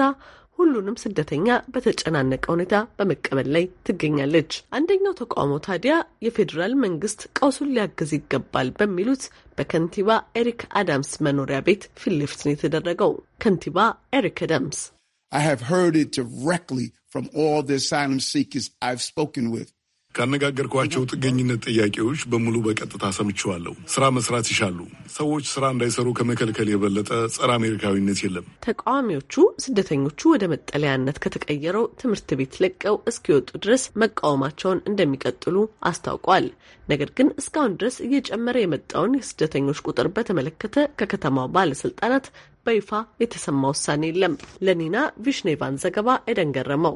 ሁሉንም ስደተኛ በተጨናነቀ ሁኔታ በመቀበል ላይ ትገኛለች። አንደኛው ተቃውሞ ታዲያ የፌዴራል መንግስት ቀውሱን ሊያግዝ ይገባል በሚሉት በከንቲባ ኤሪክ አዳምስ መኖሪያ ቤት ፊት ለፊት ነው የተደረገው። ከንቲባ ኤሪክ አዳምስ I have heard it directly from all the asylum seekers I've spoken with. ካነጋገርኳቸው ጥገኝነት ጥያቄዎች በሙሉ በቀጥታ ሰምቸዋለሁ ስራ መስራት ይሻሉ። ሰዎች ስራ እንዳይሰሩ ከመከልከል የበለጠ ጸረ አሜሪካዊነት የለም። ተቃዋሚዎቹ ስደተኞቹ ወደ መጠለያነት ከተቀየረው ትምህርት ቤት ለቀው እስኪወጡ ድረስ መቃወማቸውን እንደሚቀጥሉ አስታውቋል። ነገር ግን እስካሁን ድረስ እየጨመረ የመጣውን የስደተኞች ቁጥር በተመለከተ ከከተማው ባለስልጣናት በይፋ የተሰማ ውሳኔ የለም። ለኒና ቪሽኔቫን ዘገባ ኤደን ገረመው።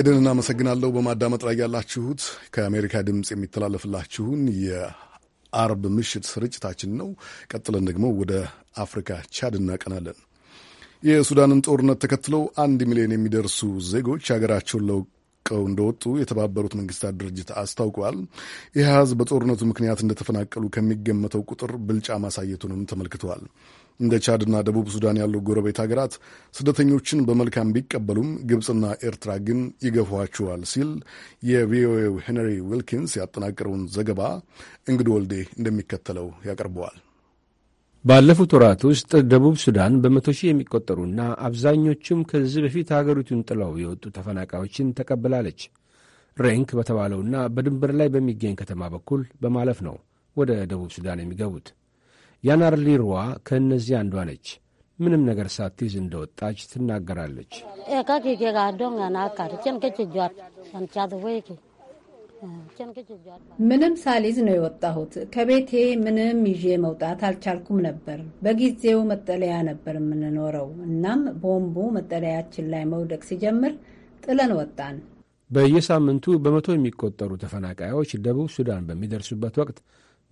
ኤደን እናመሰግናለሁ። በማዳመጥ ላይ ያላችሁት ከአሜሪካ ድምፅ የሚተላለፍላችሁን የአርብ ምሽት ስርጭታችን ነው። ቀጥለን ደግሞ ወደ አፍሪካ ቻድ እናቀናለን። የሱዳንን ጦርነት ተከትለው አንድ ሚሊዮን የሚደርሱ ዜጎች ሀገራቸውን ለውቀው እንደወጡ የተባበሩት መንግስታት ድርጅት አስታውቋል። ይህ ህዝብ በጦርነቱ ምክንያት እንደተፈናቀሉ ከሚገመተው ቁጥር ብልጫ ማሳየቱንም ተመልክተዋል። እንደ ቻድና ደቡብ ሱዳን ያሉ ጎረቤት ሀገራት ስደተኞችን በመልካም ቢቀበሉም ግብፅና ኤርትራ ግን ይገፏቸዋል ሲል የቪኦኤው ሄንሪ ዊልኪንስ ያጠናቀረውን ዘገባ እንግድ ወልዴ እንደሚከተለው ያቀርበዋል። ባለፉት ወራት ውስጥ ደቡብ ሱዳን በመቶ ሺህ የሚቆጠሩና አብዛኞቹም ከዚህ በፊት ሀገሪቱን ጥለው የወጡ ተፈናቃዮችን ተቀብላለች። ሬንክ በተባለውና በድንበር ላይ በሚገኝ ከተማ በኩል በማለፍ ነው ወደ ደቡብ ሱዳን የሚገቡት። ያናርሊ ሩዋ ከእነዚህ አንዷ ነች። ምንም ነገር ሳትይዝ እንደወጣች ትናገራለች። ምንም ሳሊዝ ነው የወጣሁት። ከቤቴ ምንም ይዤ መውጣት አልቻልኩም ነበር። በጊዜው መጠለያ ነበር የምንኖረው። እናም ቦምቡ መጠለያችን ላይ መውደቅ ሲጀምር ጥለን ወጣን። በየሳምንቱ በመቶ የሚቆጠሩ ተፈናቃዮች ደቡብ ሱዳን በሚደርሱበት ወቅት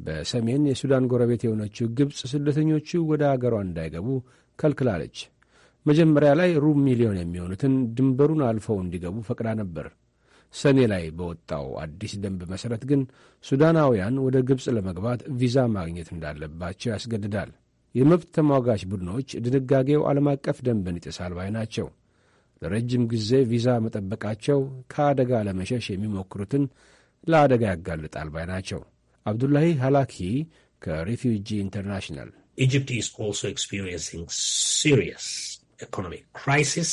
በሰሜን የሱዳን ጎረቤት የሆነችው ግብፅ ስደተኞቹ ወደ አገሯ እንዳይገቡ ከልክላለች። መጀመሪያ ላይ ሩብ ሚሊዮን የሚሆኑትን ድንበሩን አልፈው እንዲገቡ ፈቅዳ ነበር። ሰኔ ላይ በወጣው አዲስ ደንብ መሠረት ግን ሱዳናውያን ወደ ግብፅ ለመግባት ቪዛ ማግኘት እንዳለባቸው ያስገድዳል። የመብት ተሟጋች ቡድኖች ድንጋጌው ዓለም አቀፍ ደንብን ይጥሳል ባይ ናቸው። ለረጅም ጊዜ ቪዛ መጠበቃቸው ከአደጋ ለመሸሽ የሚሞክሩትን ለአደጋ ያጋልጣል ባይ ናቸው። አብዱላሂ ሃላኪ ከሪፊውጂ ኢንተርናሽናል ኢጅፕት ኦልሶ ኤክስፒሪየንሲንግ ሲሪየስ ኢኮኖሚክ ክራይሲስ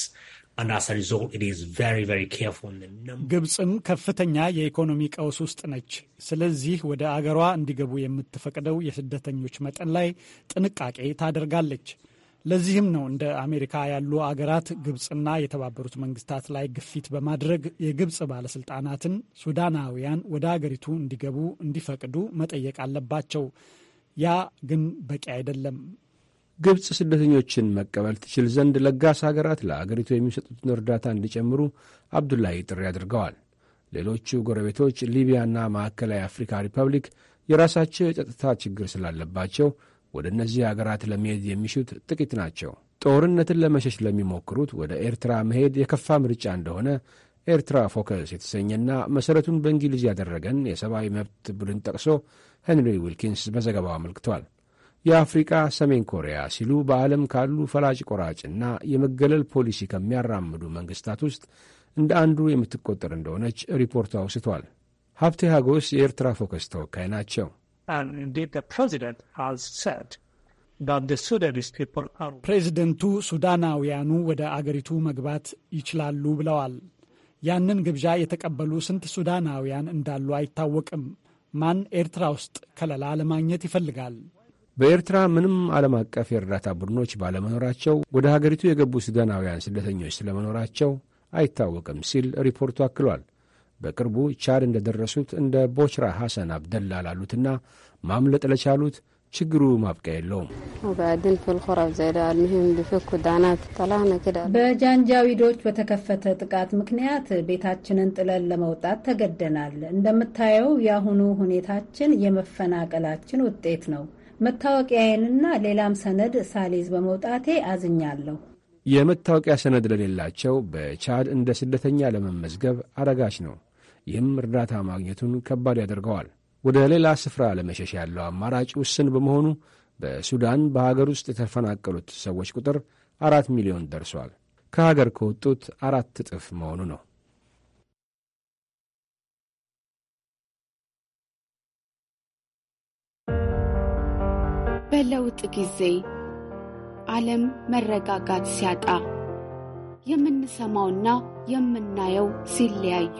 ግብፅም ከፍተኛ የኢኮኖሚ ቀውስ ውስጥ ነች። ስለዚህ ወደ አገሯ እንዲገቡ የምትፈቅደው የስደተኞች መጠን ላይ ጥንቃቄ ታደርጋለች። ለዚህም ነው እንደ አሜሪካ ያሉ አገራት ግብፅና የተባበሩት መንግስታት ላይ ግፊት በማድረግ የግብፅ ባለስልጣናትን ሱዳናውያን ወደ አገሪቱ እንዲገቡ እንዲፈቅዱ መጠየቅ አለባቸው። ያ ግን በቂ አይደለም። ግብፅ ስደተኞችን መቀበል ትችል ዘንድ ለጋስ ሀገራት ለአገሪቱ የሚሰጡትን እርዳታ እንዲጨምሩ አብዱላይ ጥሪ አድርገዋል። ሌሎቹ ጎረቤቶች ሊቢያና ማዕከላዊ አፍሪካ ሪፐብሊክ የራሳቸው የጸጥታ ችግር ስላለባቸው ወደ እነዚህ አገራት ለመሄድ የሚሹት ጥቂት ናቸው። ጦርነትን ለመሸሽ ለሚሞክሩት ወደ ኤርትራ መሄድ የከፋ ምርጫ እንደሆነ ኤርትራ ፎከስ የተሰኘና መሠረቱን በእንግሊዝ ያደረገን የሰብአዊ መብት ቡድን ጠቅሶ ሄንሪ ዊልኪንስ በዘገባው አመልክቷል። የአፍሪቃ ሰሜን ኮሪያ ሲሉ በዓለም ካሉ ፈላጭ ቆራጭና የመገለል ፖሊሲ ከሚያራምዱ መንግሥታት ውስጥ እንደ አንዱ የምትቆጠር እንደሆነች ሪፖርቱ አውስቷል። ሀብቴ ሀጎስ የኤርትራ ፎከስ ተወካይ ናቸው። ፕሬዚደንቱ ሱዳናውያኑ ወደ አገሪቱ መግባት ይችላሉ ብለዋል። ያንን ግብዣ የተቀበሉ ስንት ሱዳናውያን እንዳሉ አይታወቅም። ማን ኤርትራ ውስጥ ከለላ ለማግኘት ይፈልጋል? በኤርትራ ምንም ዓለም አቀፍ የእርዳታ ቡድኖች ባለመኖራቸው ወደ ሀገሪቱ የገቡ ሱዳናውያን ስደተኞች ስለመኖራቸው አይታወቅም ሲል ሪፖርቱ አክሏል። በቅርቡ ቻድ እንደደረሱት እንደ ቦችራ ሐሰን አብደላ ላሉትና ማምለጥ ለቻሉት ችግሩ ማብቂያ የለውም። በጃንጃዊዶች በተከፈተ ጥቃት ምክንያት ቤታችንን ጥለን ለመውጣት ተገደናል። እንደምታየው የአሁኑ ሁኔታችን የመፈናቀላችን ውጤት ነው። መታወቂያዬንና ሌላም ሰነድ ሳሊዝ በመውጣቴ አዝኛለሁ። የመታወቂያ ሰነድ ለሌላቸው በቻድ እንደ ስደተኛ ለመመዝገብ አዳጋች ነው። ይህም እርዳታ ማግኘቱን ከባድ ያደርገዋል። ወደ ሌላ ስፍራ ለመሸሽ ያለው አማራጭ ውስን በመሆኑ በሱዳን በሀገር ውስጥ የተፈናቀሉት ሰዎች ቁጥር አራት ሚሊዮን ደርሷል። ከሀገር ከወጡት አራት እጥፍ መሆኑ ነው። በለውጥ ጊዜ ዓለም መረጋጋት ሲያጣ የምንሰማውና የምናየው ሲለያዩ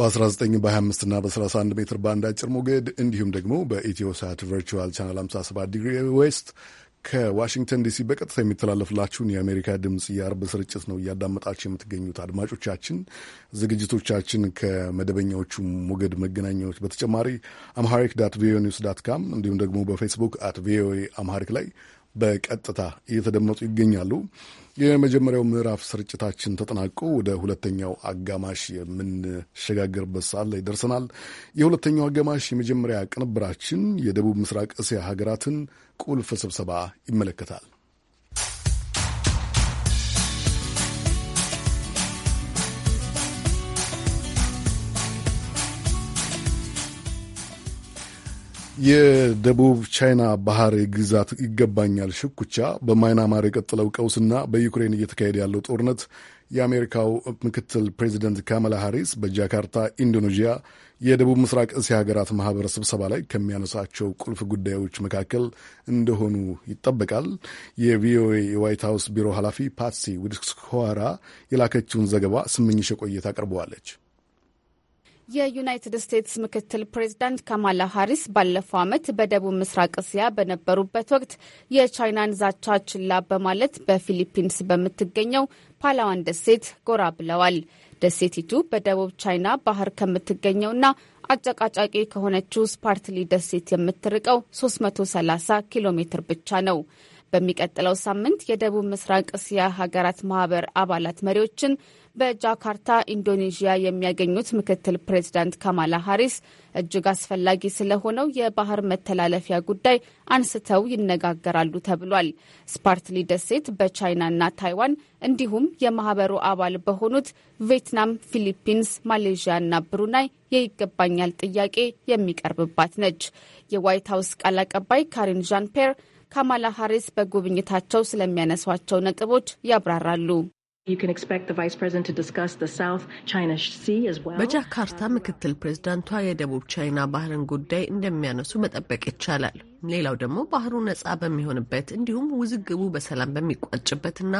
በ19 በ25 እና በ31 ሜትር ባንድ አጭር ሞገድ እንዲሁም ደግሞ በኢትዮ ሳት ቨርቹዋል ቻናል 57 ዲግሪ ዌስት ከዋሽንግተን ዲሲ በቀጥታ የሚተላለፍላችሁን የአሜሪካ ድምፅ የአርብ ስርጭት ነው እያዳመጣችሁ የምትገኙት። አድማጮቻችን ዝግጅቶቻችን ከመደበኛዎቹ ሞገድ መገናኛዎች በተጨማሪ አምሃሪክ ዳት ቪኦኤ ኒውስ ዳት ካም እንዲሁም ደግሞ በፌስቡክ አት ቪኦኤ አምሃሪክ ላይ በቀጥታ እየተደመጡ ይገኛሉ። የመጀመሪያው ምዕራፍ ስርጭታችን ተጠናቆ ወደ ሁለተኛው አጋማሽ የምንሸጋገርበት ሰዓት ላይ ደርሰናል። የሁለተኛው አጋማሽ የመጀመሪያ ቅንብራችን የደቡብ ምስራቅ እስያ ሀገራትን ቁልፍ ስብሰባ ይመለከታል። የደቡብ ቻይና ባህር ግዛት ይገባኛል ሽኩቻ በማይናማር የቀጠለው ቀውስና በዩክሬን እየተካሄደ ያለው ጦርነት የአሜሪካው ምክትል ፕሬዚደንት ካማላ ሃሪስ በጃካርታ ኢንዶኔዥያ የደቡብ ምስራቅ እስያ ሀገራት ማህበር ስብሰባ ላይ ከሚያነሳቸው ቁልፍ ጉዳዮች መካከል እንደሆኑ ይጠበቃል። የቪኦኤ የዋይት ሀውስ ቢሮ ኃላፊ ፓትሲ ዊድስኮዋራ የላከችውን ዘገባ ስምኝሽ ቆየት አቅርበዋለች። የዩናይትድ ስቴትስ ምክትል ፕሬዚዳንት ካማላ ሃሪስ ባለፈው ዓመት በደቡብ ምስራቅ እስያ በነበሩበት ወቅት የቻይናን ዛቻ ችላ በማለት በፊሊፒንስ በምትገኘው ፓላዋን ደሴት ጎራ ብለዋል። ደሴቲቱ በደቡብ ቻይና ባህር ከምትገኘውና አጨቃጫቂ ከሆነችው ስፓርትሊ ደሴት የምትርቀው 330 ኪሎ ሜትር ብቻ ነው። በሚቀጥለው ሳምንት የደቡብ ምስራቅ እስያ ሀገራት ማህበር አባላት መሪዎችን በጃካርታ ኢንዶኔዥያ የሚያገኙት ምክትል ፕሬዚዳንት ካማላ ሀሪስ እጅግ አስፈላጊ ስለሆነው የባህር መተላለፊያ ጉዳይ አንስተው ይነጋገራሉ ተብሏል። ስፓርትሊ ደሴት በቻይናና ታይዋን እንዲሁም የማህበሩ አባል በሆኑት ቪየትናም፣ ፊሊፒንስ፣ ማሌዥያና ብሩናይ የይገባኛል ጥያቄ የሚቀርብባት ነች። የዋይት ሀውስ ቃል አቀባይ ካሪን ዣን ፔር ካማላ ሀሪስ በጉብኝታቸው ስለሚያነሷቸው ነጥቦች ያብራራሉ። በጃካርታ ምክትል ፕሬዝዳንቷ የደቡብ ቻይና ባህርን ጉዳይ እንደሚያነሱ መጠበቅ ይቻላል። ሌላው ደግሞ ባህሩ ነጻ በሚሆንበት እንዲሁም ውዝግቡ በሰላም በሚቋጭበትና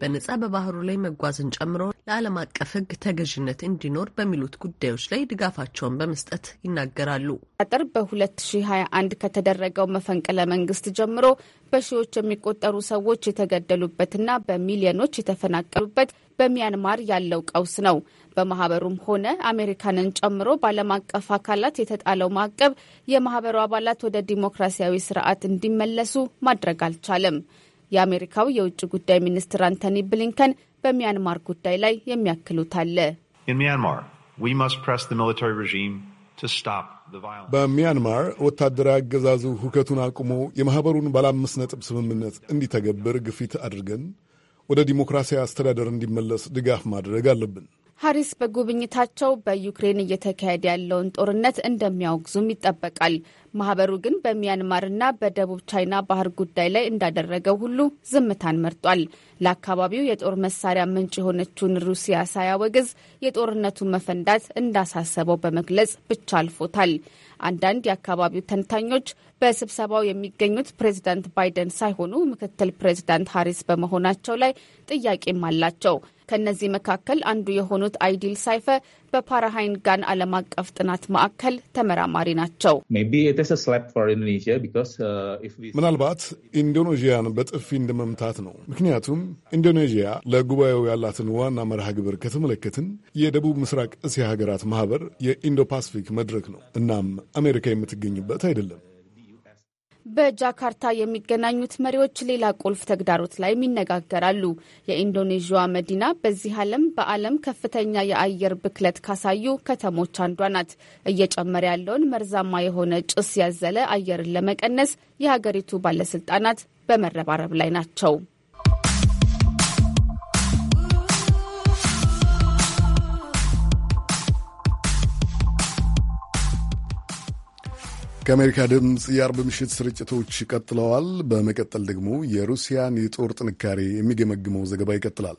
በነጻ በባህሩ ላይ መጓዝን ጨምሮ ለዓለም አቀፍ ሕግ ተገዥነት እንዲኖር በሚሉት ጉዳዮች ላይ ድጋፋቸውን በመስጠት ይናገራሉ። አጠር በ2021 ከተደረገው መፈንቅለ መንግስት ጀምሮ በሺዎች የሚቆጠሩ ሰዎች የተገደሉበትና በሚሊዮኖች የተፈናቀሉበት በሚያንማር ያለው ቀውስ ነው። በማህበሩም ሆነ አሜሪካንን ጨምሮ በዓለም አቀፍ አካላት የተጣለው ማዕቀብ የማህበሩ አባላት ወደ ዲሞክራሲያዊ ስርዓት እንዲመለሱ ማድረግ አልቻለም። የአሜሪካው የውጭ ጉዳይ ሚኒስትር አንቶኒ ብሊንከን በሚያንማር ጉዳይ ላይ የሚያክሉት አለ። በሚያንማር ወታደራዊ አገዛዙ ሁከቱን አቁሞ የማኅበሩን ባለ አምስት ነጥብ ስምምነት እንዲተገብር ግፊት አድርገን ወደ ዲሞክራሲያዊ አስተዳደር እንዲመለስ ድጋፍ ማድረግ አለብን። ሀሪስ በጉብኝታቸው በዩክሬን እየተካሄደ ያለውን ጦርነት እንደሚያወግዙም ይጠበቃል። ማህበሩ ግን በሚያንማርና በደቡብ ቻይና ባህር ጉዳይ ላይ እንዳደረገው ሁሉ ዝምታን መርጧል። ለአካባቢው የጦር መሳሪያ ምንጭ የሆነችውን ሩሲያ ሳያወግዝ የጦርነቱ መፈንዳት እንዳሳሰበው በመግለጽ ብቻ አልፎታል። አንዳንድ የአካባቢው ተንታኞች በስብሰባው የሚገኙት ፕሬዚዳንት ባይደን ሳይሆኑ ምክትል ፕሬዚዳንት ሀሪስ በመሆናቸው ላይ ጥያቄም አላቸው። ከእነዚህ መካከል አንዱ የሆኑት አይዲል ሳይፈ በፓራሃይን ጋን ዓለም አቀፍ ጥናት ማዕከል ተመራማሪ ናቸው። uh, ምናልባት ኢንዶኔዥያን በጥፊ እንደመምታት ነው። ምክንያቱም ኢንዶኔዥያ ለጉባኤው ያላትን ዋና መርሃ ግብር ከተመለከትን የደቡብ ምስራቅ እስያ ሀገራት ማህበር የኢንዶ ፓስፊክ መድረክ ነው። እናም አሜሪካ የምትገኝበት አይደለም። በጃካርታ የሚገናኙት መሪዎች ሌላ ቁልፍ ተግዳሮት ላይም ይነጋገራሉ። የኢንዶኔዥያ መዲና በዚህ ዓለም በዓለም ከፍተኛ የአየር ብክለት ካሳዩ ከተሞች አንዷ ናት። እየጨመረ ያለውን መርዛማ የሆነ ጭስ ያዘለ አየርን ለመቀነስ የሀገሪቱ ባለስልጣናት በመረባረብ ላይ ናቸው። ከአሜሪካ ድምፅ የአርብ ምሽት ስርጭቶች ቀጥለዋል። በመቀጠል ደግሞ የሩሲያን የጦር ጥንካሬ የሚገመግመው ዘገባ ይቀጥላል።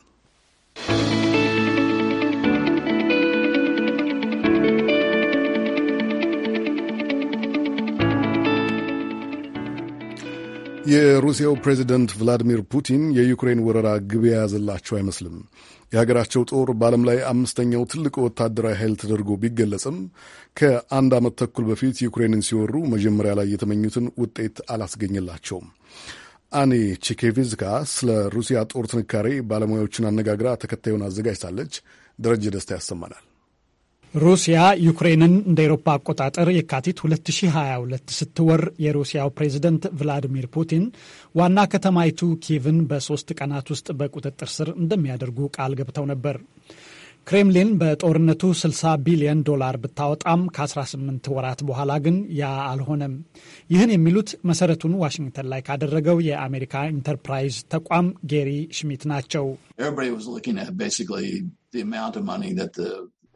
የሩሲያው ፕሬዚደንት ቭላዲሚር ፑቲን የዩክሬን ወረራ ግብ የያዘላቸው አይመስልም። የሀገራቸው ጦር በዓለም ላይ አምስተኛው ትልቁ ወታደራዊ ኃይል ተደርጎ ቢገለጽም ከአንድ ዓመት ተኩል በፊት ዩክሬንን ሲወሩ መጀመሪያ ላይ የተመኙትን ውጤት አላስገኘላቸውም። አኔ ቼኬቪዝካ ስለ ሩሲያ ጦር ጥንካሬ ባለሙያዎችን አነጋግራ ተከታዩን አዘጋጅታለች። ደረጀ ደስታ ያሰማናል። ሩሲያ ዩክሬንን እንደ ኤሮፓ አቆጣጠር የካቲት 2022 ስትወር የሩሲያው ፕሬዝደንት ቭላዲሚር ፑቲን ዋና ከተማይቱ ኪቭን በሶስት ቀናት ውስጥ በቁጥጥር ስር እንደሚያደርጉ ቃል ገብተው ነበር። ክሬምሊን በጦርነቱ 60 ቢሊዮን ዶላር ብታወጣም ከ18 ወራት በኋላ ግን ያ አልሆነም። ይህን የሚሉት መሰረቱን ዋሽንግተን ላይ ካደረገው የአሜሪካ ኢንተርፕራይዝ ተቋም ጌሪ ሽሚት ናቸው።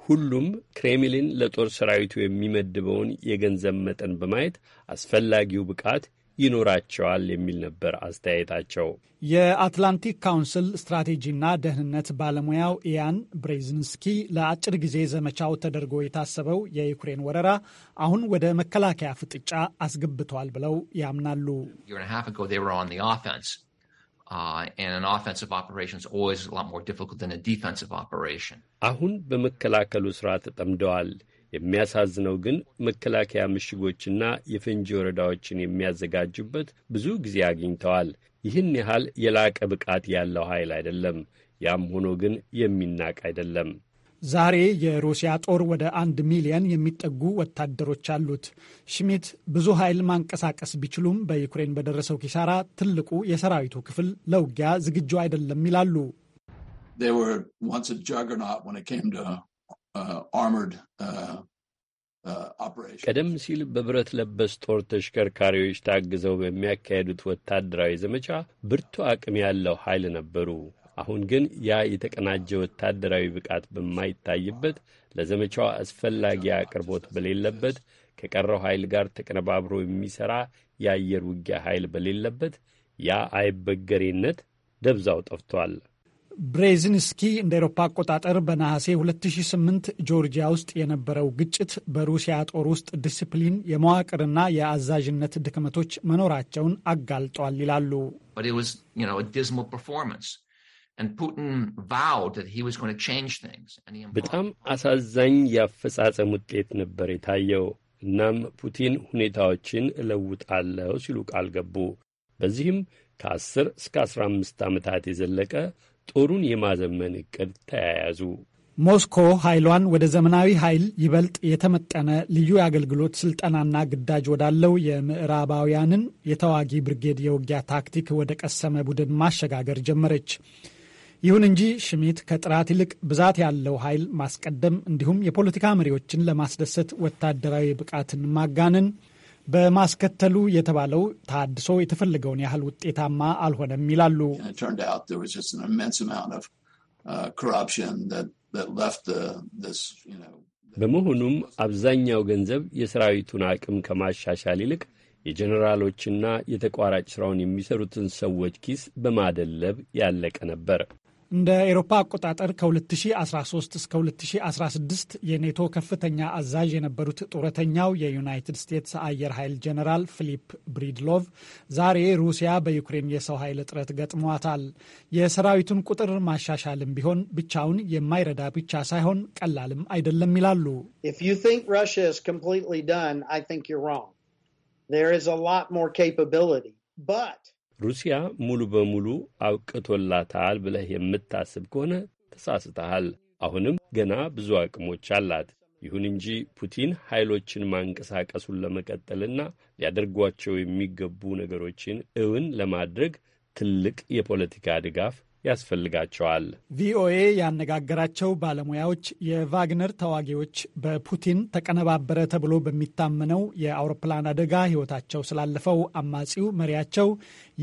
ሁሉም ክሬምሊን ለጦር ሰራዊቱ የሚመድበውን የገንዘብ መጠን በማየት አስፈላጊው ብቃት ይኖራቸዋል የሚል ነበር አስተያየታቸው። የአትላንቲክ ካውንስል ስትራቴጂና ደህንነት ባለሙያው ኢያን ብሬዝንስኪ ለአጭር ጊዜ ዘመቻው ተደርጎ የታሰበው የዩክሬን ወረራ አሁን ወደ መከላከያ ፍጥጫ አስገብቷል ብለው ያምናሉ። Uh, and an offensive operation is always a lot more difficult than a defensive operation. አሁን በመከላከሉ ስራ ተጠምደዋል። የሚያሳዝነው ግን መከላከያ ምሽጎችና የፈንጂ ወረዳዎችን የሚያዘጋጁበት ብዙ ጊዜ አግኝተዋል። ይህን ያህል የላቀ ብቃት ያለው ኃይል አይደለም። ያም ሆኖ ግን የሚናቅ አይደለም። ዛሬ የሩሲያ ጦር ወደ አንድ ሚሊየን የሚጠጉ ወታደሮች አሉት። ሽሚት ብዙ ኃይል ማንቀሳቀስ ቢችሉም በዩክሬን በደረሰው ኪሳራ ትልቁ የሰራዊቱ ክፍል ለውጊያ ዝግጁ አይደለም ይላሉ። uh, uh, uh, ቀደም ሲል በብረት ለበስ ጦር ተሽከርካሪዎች ታግዘው በሚያካሄዱት ወታደራዊ ዘመቻ ብርቱ አቅም ያለው ኃይል ነበሩ። አሁን ግን ያ የተቀናጀ ወታደራዊ ብቃት በማይታይበት ለዘመቻዋ አስፈላጊ አቅርቦት በሌለበት ከቀረው ኃይል ጋር ተቀነባብሮ የሚሠራ የአየር ውጊያ ኃይል በሌለበት ያ አይበገሬነት ደብዛው ጠፍቷል። ብሬዝንስኪ እንደ ኤሮፓ አቆጣጠር በነሐሴ 2008 ጆርጂያ ውስጥ የነበረው ግጭት በሩሲያ ጦር ውስጥ ዲስፕሊን፣ የመዋቅርና የአዛዥነት ድክመቶች መኖራቸውን አጋልጧል ይላሉ። በጣም አሳዛኝ የአፈጻጸም ውጤት ነበር የታየው። እናም ፑቲን ሁኔታዎችን እለውጣለሁ ሲሉ ቃል ገቡ። በዚህም ከ10 እስከ 15 ዓመታት የዘለቀ ጦሩን የማዘመን ዕቅድ ተያያዙ። ሞስኮ ኃይሏን ወደ ዘመናዊ ኃይል ይበልጥ የተመጠነ ልዩ የአገልግሎት ስልጠናና ግዳጅ ወዳለው የምዕራባውያንን የተዋጊ ብርጌድ የውጊያ ታክቲክ ወደ ቀሰመ ቡድን ማሸጋገር ጀመረች። ይሁን እንጂ ሽሚት ከጥራት ይልቅ ብዛት ያለው ኃይል ማስቀደም እንዲሁም የፖለቲካ መሪዎችን ለማስደሰት ወታደራዊ ብቃትን ማጋነን በማስከተሉ የተባለው ታድሶ የተፈለገውን ያህል ውጤታማ አልሆነም ይላሉ። uh, በመሆኑም አብዛኛው ገንዘብ የሰራዊቱን አቅም ከማሻሻል ይልቅ የጀኔራሎችና የተቋራጭ ስራውን የሚሰሩትን ሰዎች ኪስ በማደለብ ያለቀ ነበር። እንደ ኤሮፓ አቆጣጠር ከ2013 እስከ 2016 የኔቶ ከፍተኛ አዛዥ የነበሩት ጡረተኛው የዩናይትድ ስቴትስ አየር ኃይል ጀነራል ፊሊፕ ብሪድሎቭ ዛሬ ሩሲያ በዩክሬን የሰው ኃይል እጥረት ገጥሟታል። የሰራዊቱን ቁጥር ማሻሻልም ቢሆን ብቻውን የማይረዳ ብቻ ሳይሆን ቀላልም አይደለም ይላሉ። ሩሲያ is a lot ሩሲያ ሙሉ በሙሉ አውቅቶላታል ብለህ የምታስብ ከሆነ ተሳስተሃል። አሁንም ገና ብዙ አቅሞች አላት። ይሁን እንጂ ፑቲን ኃይሎችን ማንቀሳቀሱን ለመቀጠልና ሊያደርጓቸው የሚገቡ ነገሮችን እውን ለማድረግ ትልቅ የፖለቲካ ድጋፍ ያስፈልጋቸዋል። ቪኦኤ ያነጋገራቸው ባለሙያዎች የቫግነር ተዋጊዎች በፑቲን ተቀነባበረ ተብሎ በሚታመነው የአውሮፕላን አደጋ ሕይወታቸው ስላለፈው አማጺው መሪያቸው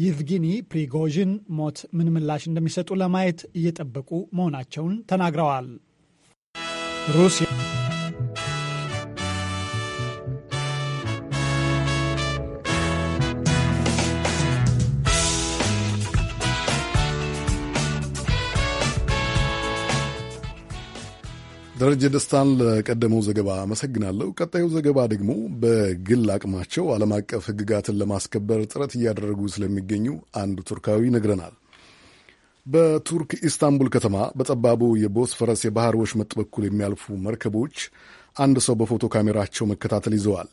ይቭጊኒ ፕሪጎዥን ሞት ምን ምላሽ እንደሚሰጡ ለማየት እየጠበቁ መሆናቸውን ተናግረዋል። ሩሲያ ደረጀ ደስታን ለቀደመው ዘገባ አመሰግናለሁ። ቀጣዩ ዘገባ ደግሞ በግል አቅማቸው ዓለም አቀፍ ሕግጋትን ለማስከበር ጥረት እያደረጉ ስለሚገኙ አንዱ ቱርካዊ ይነግረናል። በቱርክ ኢስታንቡል ከተማ በጠባቡ የቦስፈረስ የባህር ወሽመጥ በኩል የሚያልፉ መርከቦች አንድ ሰው በፎቶ ካሜራቸው መከታተል ይዘዋል።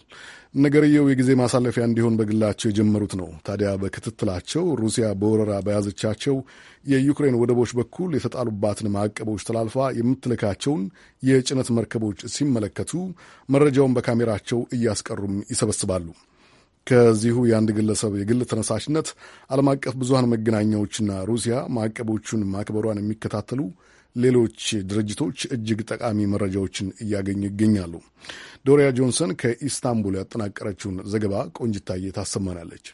ነገርየው የጊዜ ማሳለፊያ እንዲሆን በግላቸው የጀመሩት ነው። ታዲያ በክትትላቸው ሩሲያ በወረራ በያዘቻቸው የዩክሬን ወደቦች በኩል የተጣሉባትን ማዕቀቦች ተላልፋ የምትልካቸውን የጭነት መርከቦች ሲመለከቱ መረጃውን በካሜራቸው እያስቀሩም ይሰበስባሉ። ከዚሁ የአንድ ግለሰብ የግል ተነሳሽነት ዓለም አቀፍ ብዙሃን መገናኛዎችና ሩሲያ ማዕቀቦቹን ማክበሯን የሚከታተሉ ሌሎች ድርጅቶች እጅግ ጠቃሚ መረጃዎችን እያገኙ ይገኛሉ። ዶሪያ ጆንሰን ከኢስታንቡል ያጠናቀረችውን ዘገባ ቆንጅታዬ ታሰማናለች።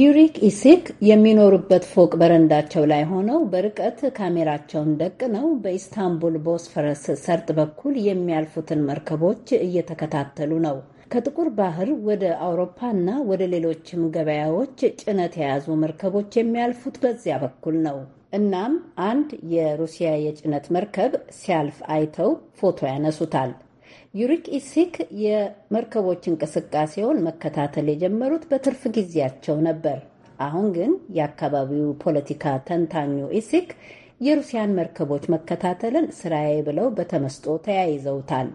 ዩሪክ ኢሲክ የሚኖሩበት ፎቅ በረንዳቸው ላይ ሆነው በርቀት ካሜራቸውን ደቅነው በኢስታንቡል ቦስፈረስ ሰርጥ በኩል የሚያልፉትን መርከቦች እየተከታተሉ ነው። ከጥቁር ባህር ወደ አውሮፓና ወደ ሌሎችም ገበያዎች ጭነት የያዙ መርከቦች የሚያልፉት በዚያ በኩል ነው። እናም አንድ የሩሲያ የጭነት መርከብ ሲያልፍ አይተው ፎቶ ያነሱታል። ዩሪክ ኢሲክ የመርከቦች እንቅስቃሴውን መከታተል የጀመሩት በትርፍ ጊዜያቸው ነበር። አሁን ግን የአካባቢው ፖለቲካ ተንታኙ ኢሲክ የሩሲያን መርከቦች መከታተልን ስራዬ ብለው በተመስጦ ተያይዘውታል።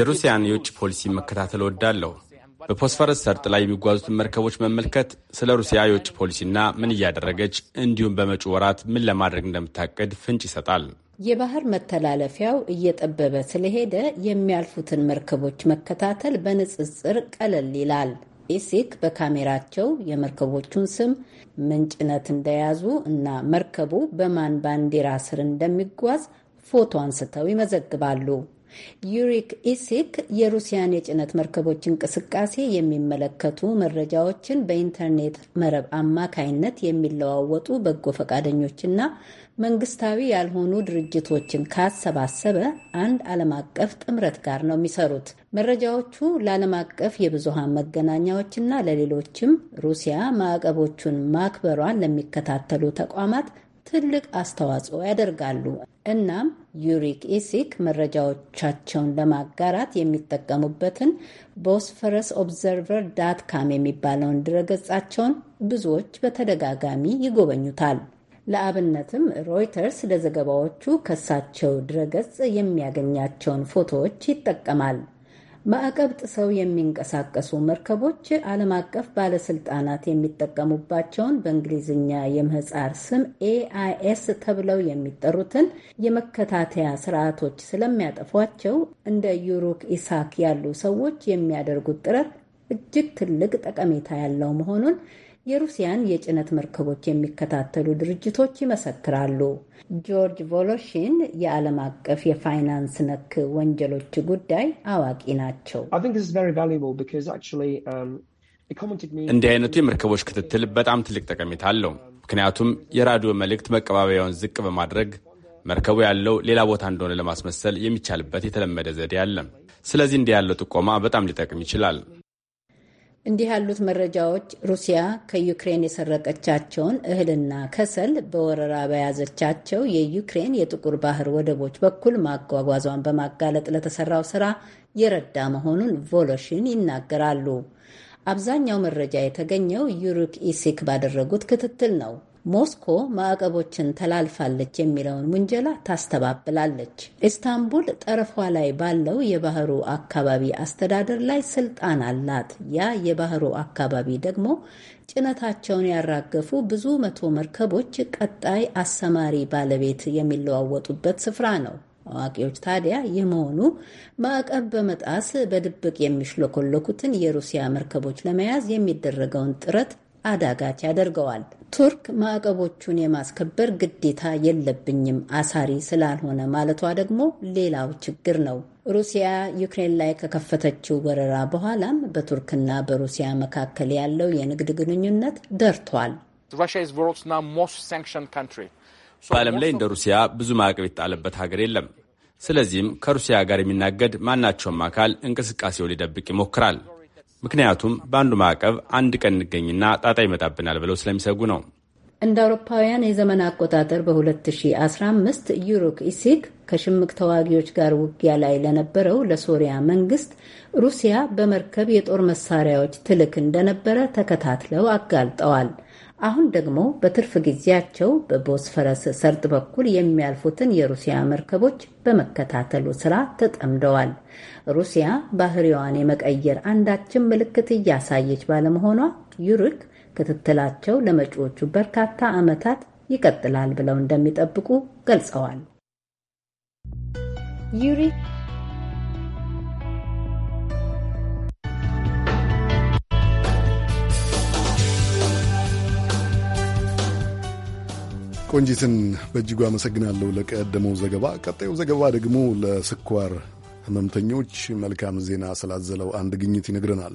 የሩሲያን የውጭ ፖሊሲ መከታተል እወዳለሁ። በፎስፈረስ ሰርጥ ላይ የሚጓዙትን መርከቦች መመልከት፣ ስለ ሩሲያ የውጭ ፖሊሲና ምን እያደረገች እንዲሁም በመጪው ወራት ምን ለማድረግ እንደምታቅድ ፍንጭ ይሰጣል። የባህር መተላለፊያው እየጠበበ ስለሄደ የሚያልፉትን መርከቦች መከታተል በንጽጽር ቀለል ይላል። ኢሲክ በካሜራቸው የመርከቦቹን ስም ምንጭነት እንደያዙ እና መርከቡ በማን ባንዲራ ስር እንደሚጓዝ ፎቶ አንስተው ይመዘግባሉ። ዩሪክ ኢሲክ የሩሲያን የጭነት መርከቦች እንቅስቃሴ የሚመለከቱ መረጃዎችን በኢንተርኔት መረብ አማካይነት የሚለዋወጡ በጎ ፈቃደኞችና መንግስታዊ ያልሆኑ ድርጅቶችን ካሰባሰበ አንድ ዓለም አቀፍ ጥምረት ጋር ነው የሚሰሩት። መረጃዎቹ ለዓለም አቀፍ የብዙሃን መገናኛዎችና ለሌሎችም ሩሲያ ማዕቀቦቹን ማክበሯን ለሚከታተሉ ተቋማት ትልቅ አስተዋጽኦ ያደርጋሉ። እናም ዩሪክ ኢሲክ መረጃዎቻቸውን ለማጋራት የሚጠቀሙበትን ቦስፈረስ ኦብዘርቨር ዳት ካም የሚባለውን ድረገጻቸውን ብዙዎች በተደጋጋሚ ይጎበኙታል። ለአብነትም ሮይተርስ ለዘገባዎቹ ከሳቸው ድረገጽ የሚያገኛቸውን ፎቶዎች ይጠቀማል። ማዕቀብ ጥሰው የሚንቀሳቀሱ መርከቦች ዓለም አቀፍ ባለስልጣናት የሚጠቀሙባቸውን በእንግሊዝኛ የምህፃር ስም ኤአይኤስ ተብለው የሚጠሩትን የመከታተያ ስርዓቶች ስለሚያጠፏቸው እንደ ዩሩክ ኢሳክ ያሉ ሰዎች የሚያደርጉት ጥረት እጅግ ትልቅ ጠቀሜታ ያለው መሆኑን የሩሲያን የጭነት መርከቦች የሚከታተሉ ድርጅቶች ይመሰክራሉ። ጆርጅ ቮሎሺን የዓለም አቀፍ የፋይናንስ ነክ ወንጀሎች ጉዳይ አዋቂ ናቸው። um, እንዲህ አይነቱ የመርከቦች ክትትል በጣም ትልቅ ጠቀሜታ አለው። ምክንያቱም የራዲዮ መልእክት መቀባበያውን ዝቅ በማድረግ መርከቡ ያለው ሌላ ቦታ እንደሆነ ለማስመሰል የሚቻልበት የተለመደ ዘዴ አለ። ስለዚህ እንዲህ ያለው ጥቆማ በጣም ሊጠቅም ይችላል። እንዲህ ያሉት መረጃዎች ሩሲያ ከዩክሬን የሰረቀቻቸውን እህልና ከሰል በወረራ በያዘቻቸው የዩክሬን የጥቁር ባህር ወደቦች በኩል ማጓጓዟን በማጋለጥ ለተሰራው ስራ የረዳ መሆኑን ቮሎሽን ይናገራሉ። አብዛኛው መረጃ የተገኘው ዩሩክ ኢሲክ ባደረጉት ክትትል ነው። ሞስኮ ማዕቀቦችን ተላልፋለች የሚለውን ውንጀላ ታስተባብላለች። ኢስታንቡል ጠረፏ ላይ ባለው የባህሩ አካባቢ አስተዳደር ላይ ስልጣን አላት። ያ የባህሩ አካባቢ ደግሞ ጭነታቸውን ያራገፉ ብዙ መቶ መርከቦች ቀጣይ አሰማሪ ባለቤት የሚለዋወጡበት ስፍራ ነው። አዋቂዎች ታዲያ ይህ መሆኑ ማዕቀብ በመጣስ በድብቅ የሚሽለኮለኩትን የሩሲያ መርከቦች ለመያዝ የሚደረገውን ጥረት አዳጋች ያደርገዋል። ቱርክ ማዕቀቦቹን የማስከበር ግዴታ የለብኝም አሳሪ ስላልሆነ ማለቷ ደግሞ ሌላው ችግር ነው። ሩሲያ ዩክሬን ላይ ከከፈተችው ወረራ በኋላም በቱርክና በሩሲያ መካከል ያለው የንግድ ግንኙነት ደርቷል። በዓለም ላይ እንደ ሩሲያ ብዙ ማዕቀብ የጣለበት ሀገር የለም። ስለዚህም ከሩሲያ ጋር የሚናገድ ማናቸውም አካል እንቅስቃሴውን ሊደብቅ ይሞክራል። ምክንያቱም በአንዱ ማዕቀብ አንድ ቀን እንገኝና ጣጣ ይመጣብናል ብለው ስለሚሰጉ ነው። እንደ አውሮፓውያን የዘመን አቆጣጠር በ2015 ዩሩክ ኢሲክ ከሽምቅ ተዋጊዎች ጋር ውጊያ ላይ ለነበረው ለሶሪያ መንግስት ሩሲያ በመርከብ የጦር መሳሪያዎች ትልክ እንደነበረ ተከታትለው አጋልጠዋል። አሁን ደግሞ በትርፍ ጊዜያቸው በቦስፈረስ ሰርጥ በኩል የሚያልፉትን የሩሲያ መርከቦች በመከታተሉ ስራ ተጠምደዋል። ሩሲያ ባህሪዋን የመቀየር አንዳችም ምልክት እያሳየች ባለመሆኗ ዩሪክ ክትትላቸው ለመጪዎቹ በርካታ ዓመታት ይቀጥላል ብለው እንደሚጠብቁ ገልጸዋል። ዩሪ ቆንጂትን በእጅጉ አመሰግናለሁ ለቀደመው ዘገባ። ቀጣዩ ዘገባ ደግሞ ለስኳር ህመምተኞች መልካም ዜና ስላዘለው አንድ ግኝት ይነግረናል።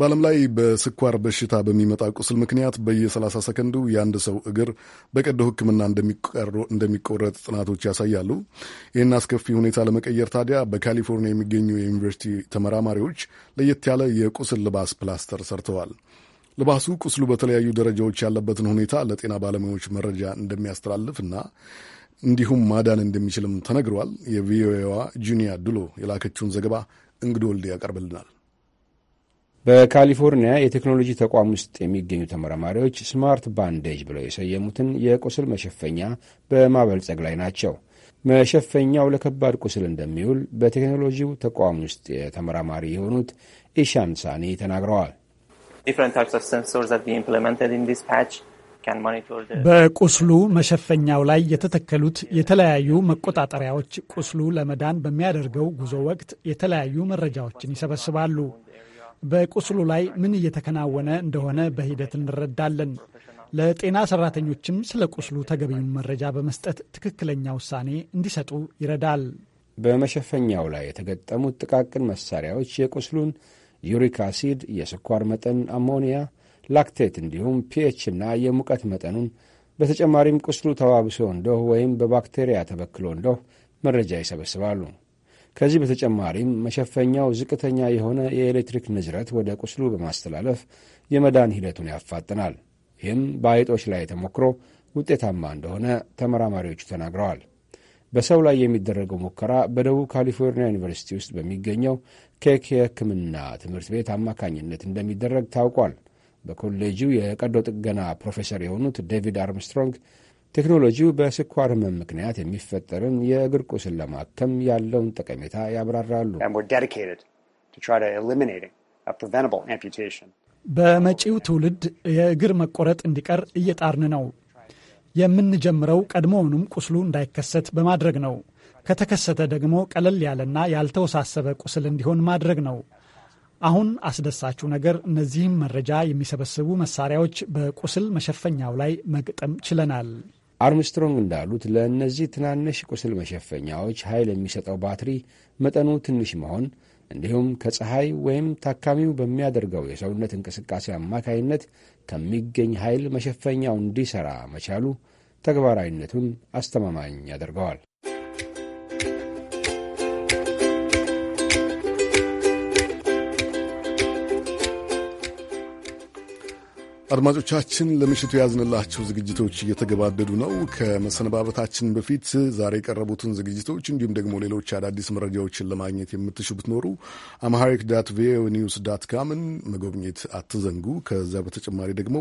በዓለም ላይ በስኳር በሽታ በሚመጣ ቁስል ምክንያት በየ30 ሰከንዱ የአንድ ሰው እግር በቀዶ ሕክምና እንደሚቆረጥ ጥናቶች ያሳያሉ። ይህን አስከፊ ሁኔታ ለመቀየር ታዲያ በካሊፎርኒያ የሚገኙ የዩኒቨርሲቲ ተመራማሪዎች ለየት ያለ የቁስል ልባስ ፕላስተር ሰርተዋል። ልባሱ ቁስሉ በተለያዩ ደረጃዎች ያለበትን ሁኔታ ለጤና ባለሙያዎች መረጃ እንደሚያስተላልፍ እና እንዲሁም ማዳን እንደሚችልም ተነግሯል። የቪኦኤዋ ጁኒያ ድሎ የላከችውን ዘገባ እንግዶ ወልድ ያቀርብልናል። በካሊፎርኒያ የቴክኖሎጂ ተቋም ውስጥ የሚገኙ ተመራማሪዎች ስማርት ባንዴጅ ብለው የሰየሙትን የቁስል መሸፈኛ በማበልጸግ ላይ ናቸው። መሸፈኛው ለከባድ ቁስል እንደሚውል በቴክኖሎጂው ተቋም ውስጥ የተመራማሪ የሆኑት ኢሻን ሳኒ ተናግረዋል። በቁስሉ መሸፈኛው ላይ የተተከሉት የተለያዩ መቆጣጠሪያዎች ቁስሉ ለመዳን በሚያደርገው ጉዞ ወቅት የተለያዩ መረጃዎችን ይሰበስባሉ። በቁስሉ ላይ ምን እየተከናወነ እንደሆነ በሂደት እንረዳለን። ለጤና ሰራተኞችም ስለ ቁስሉ ተገቢውን መረጃ በመስጠት ትክክለኛ ውሳኔ እንዲሰጡ ይረዳል። በመሸፈኛው ላይ የተገጠሙት ጥቃቅን መሳሪያዎች የቁስሉን ዩሪክ አሲድ፣ የስኳር መጠን፣ አሞኒያ፣ ላክቴት እንዲሁም ፒኤች እና የሙቀት መጠኑን በተጨማሪም ቁስሉ ተባብሶ እንደሁ ወይም በባክቴሪያ ተበክሎ እንደሁ መረጃ ይሰበስባሉ። ከዚህ በተጨማሪም መሸፈኛው ዝቅተኛ የሆነ የኤሌክትሪክ ንዝረት ወደ ቁስሉ በማስተላለፍ የመዳን ሂደቱን ያፋጥናል። ይህም በአይጦች ላይ ተሞክሮ ውጤታማ እንደሆነ ተመራማሪዎቹ ተናግረዋል። በሰው ላይ የሚደረገው ሙከራ በደቡብ ካሊፎርኒያ ዩኒቨርሲቲ ውስጥ በሚገኘው ኬክ የሕክምና ትምህርት ቤት አማካኝነት እንደሚደረግ ታውቋል። በኮሌጁ የቀዶ ጥገና ፕሮፌሰር የሆኑት ዴቪድ አርምስትሮንግ ቴክኖሎጂው በስኳር ህመም ምክንያት የሚፈጠርን የእግር ቁስል ለማከም ያለውን ጠቀሜታ ያብራራሉ። በመጪው ትውልድ የእግር መቆረጥ እንዲቀር እየጣርን ነው። የምንጀምረው ቀድሞውንም ቁስሉ እንዳይከሰት በማድረግ ነው። ከተከሰተ ደግሞ ቀለል ያለና ያልተወሳሰበ ቁስል እንዲሆን ማድረግ ነው። አሁን አስደሳችው ነገር እነዚህም መረጃ የሚሰበስቡ መሳሪያዎች በቁስል መሸፈኛው ላይ መግጠም ችለናል። አርምስትሮንግ እንዳሉት ለእነዚህ ትናንሽ ቁስል መሸፈኛዎች ኃይል የሚሰጠው ባትሪ መጠኑ ትንሽ መሆን እንዲሁም ከፀሐይ ወይም ታካሚው በሚያደርገው የሰውነት እንቅስቃሴ አማካይነት ከሚገኝ ኃይል መሸፈኛው እንዲሠራ መቻሉ ተግባራዊነቱን አስተማማኝ ያደርገዋል። አድማጮቻችን ለምሽቱ የያዝንላቸው ዝግጅቶች እየተገባደዱ ነው። ከመሰነባበታችን በፊት ዛሬ የቀረቡትን ዝግጅቶች እንዲሁም ደግሞ ሌሎች አዳዲስ መረጃዎችን ለማግኘት የምትሹ ብትኖሩ አምሃሪክ ዳት ቪኦኤ ኒውስ ዳት ካምን መጎብኘት አትዘንጉ። ከዚያ በተጨማሪ ደግሞ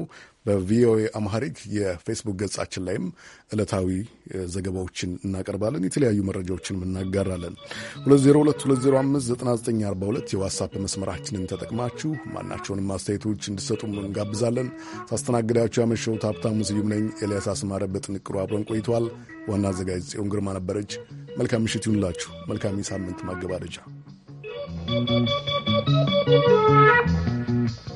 በቪኦኤ አምሃሪክ የፌስቡክ ገጻችን ላይም ዕለታዊ ዘገባዎችን እናቀርባለን። የተለያዩ መረጃዎችንም እናጋራለን። 2022059942 የዋትሳፕ መስመራችንን ተጠቅማችሁ ማናቸውንም አስተያየቶች እንዲሰጡ እንጋብዛለን። ሳስተናግዳችሁ ያመሸሁት ሀብታሙ ስዩም ነኝ። ኤልያስ አስማረ በጥንቅሩ አብረን ቆይተዋል። ዋና አዘጋጅ ጽዮን ግርማ ነበረች። መልካም ምሽት ይሁንላችሁ። መልካም የሳምንት ማገባደጃ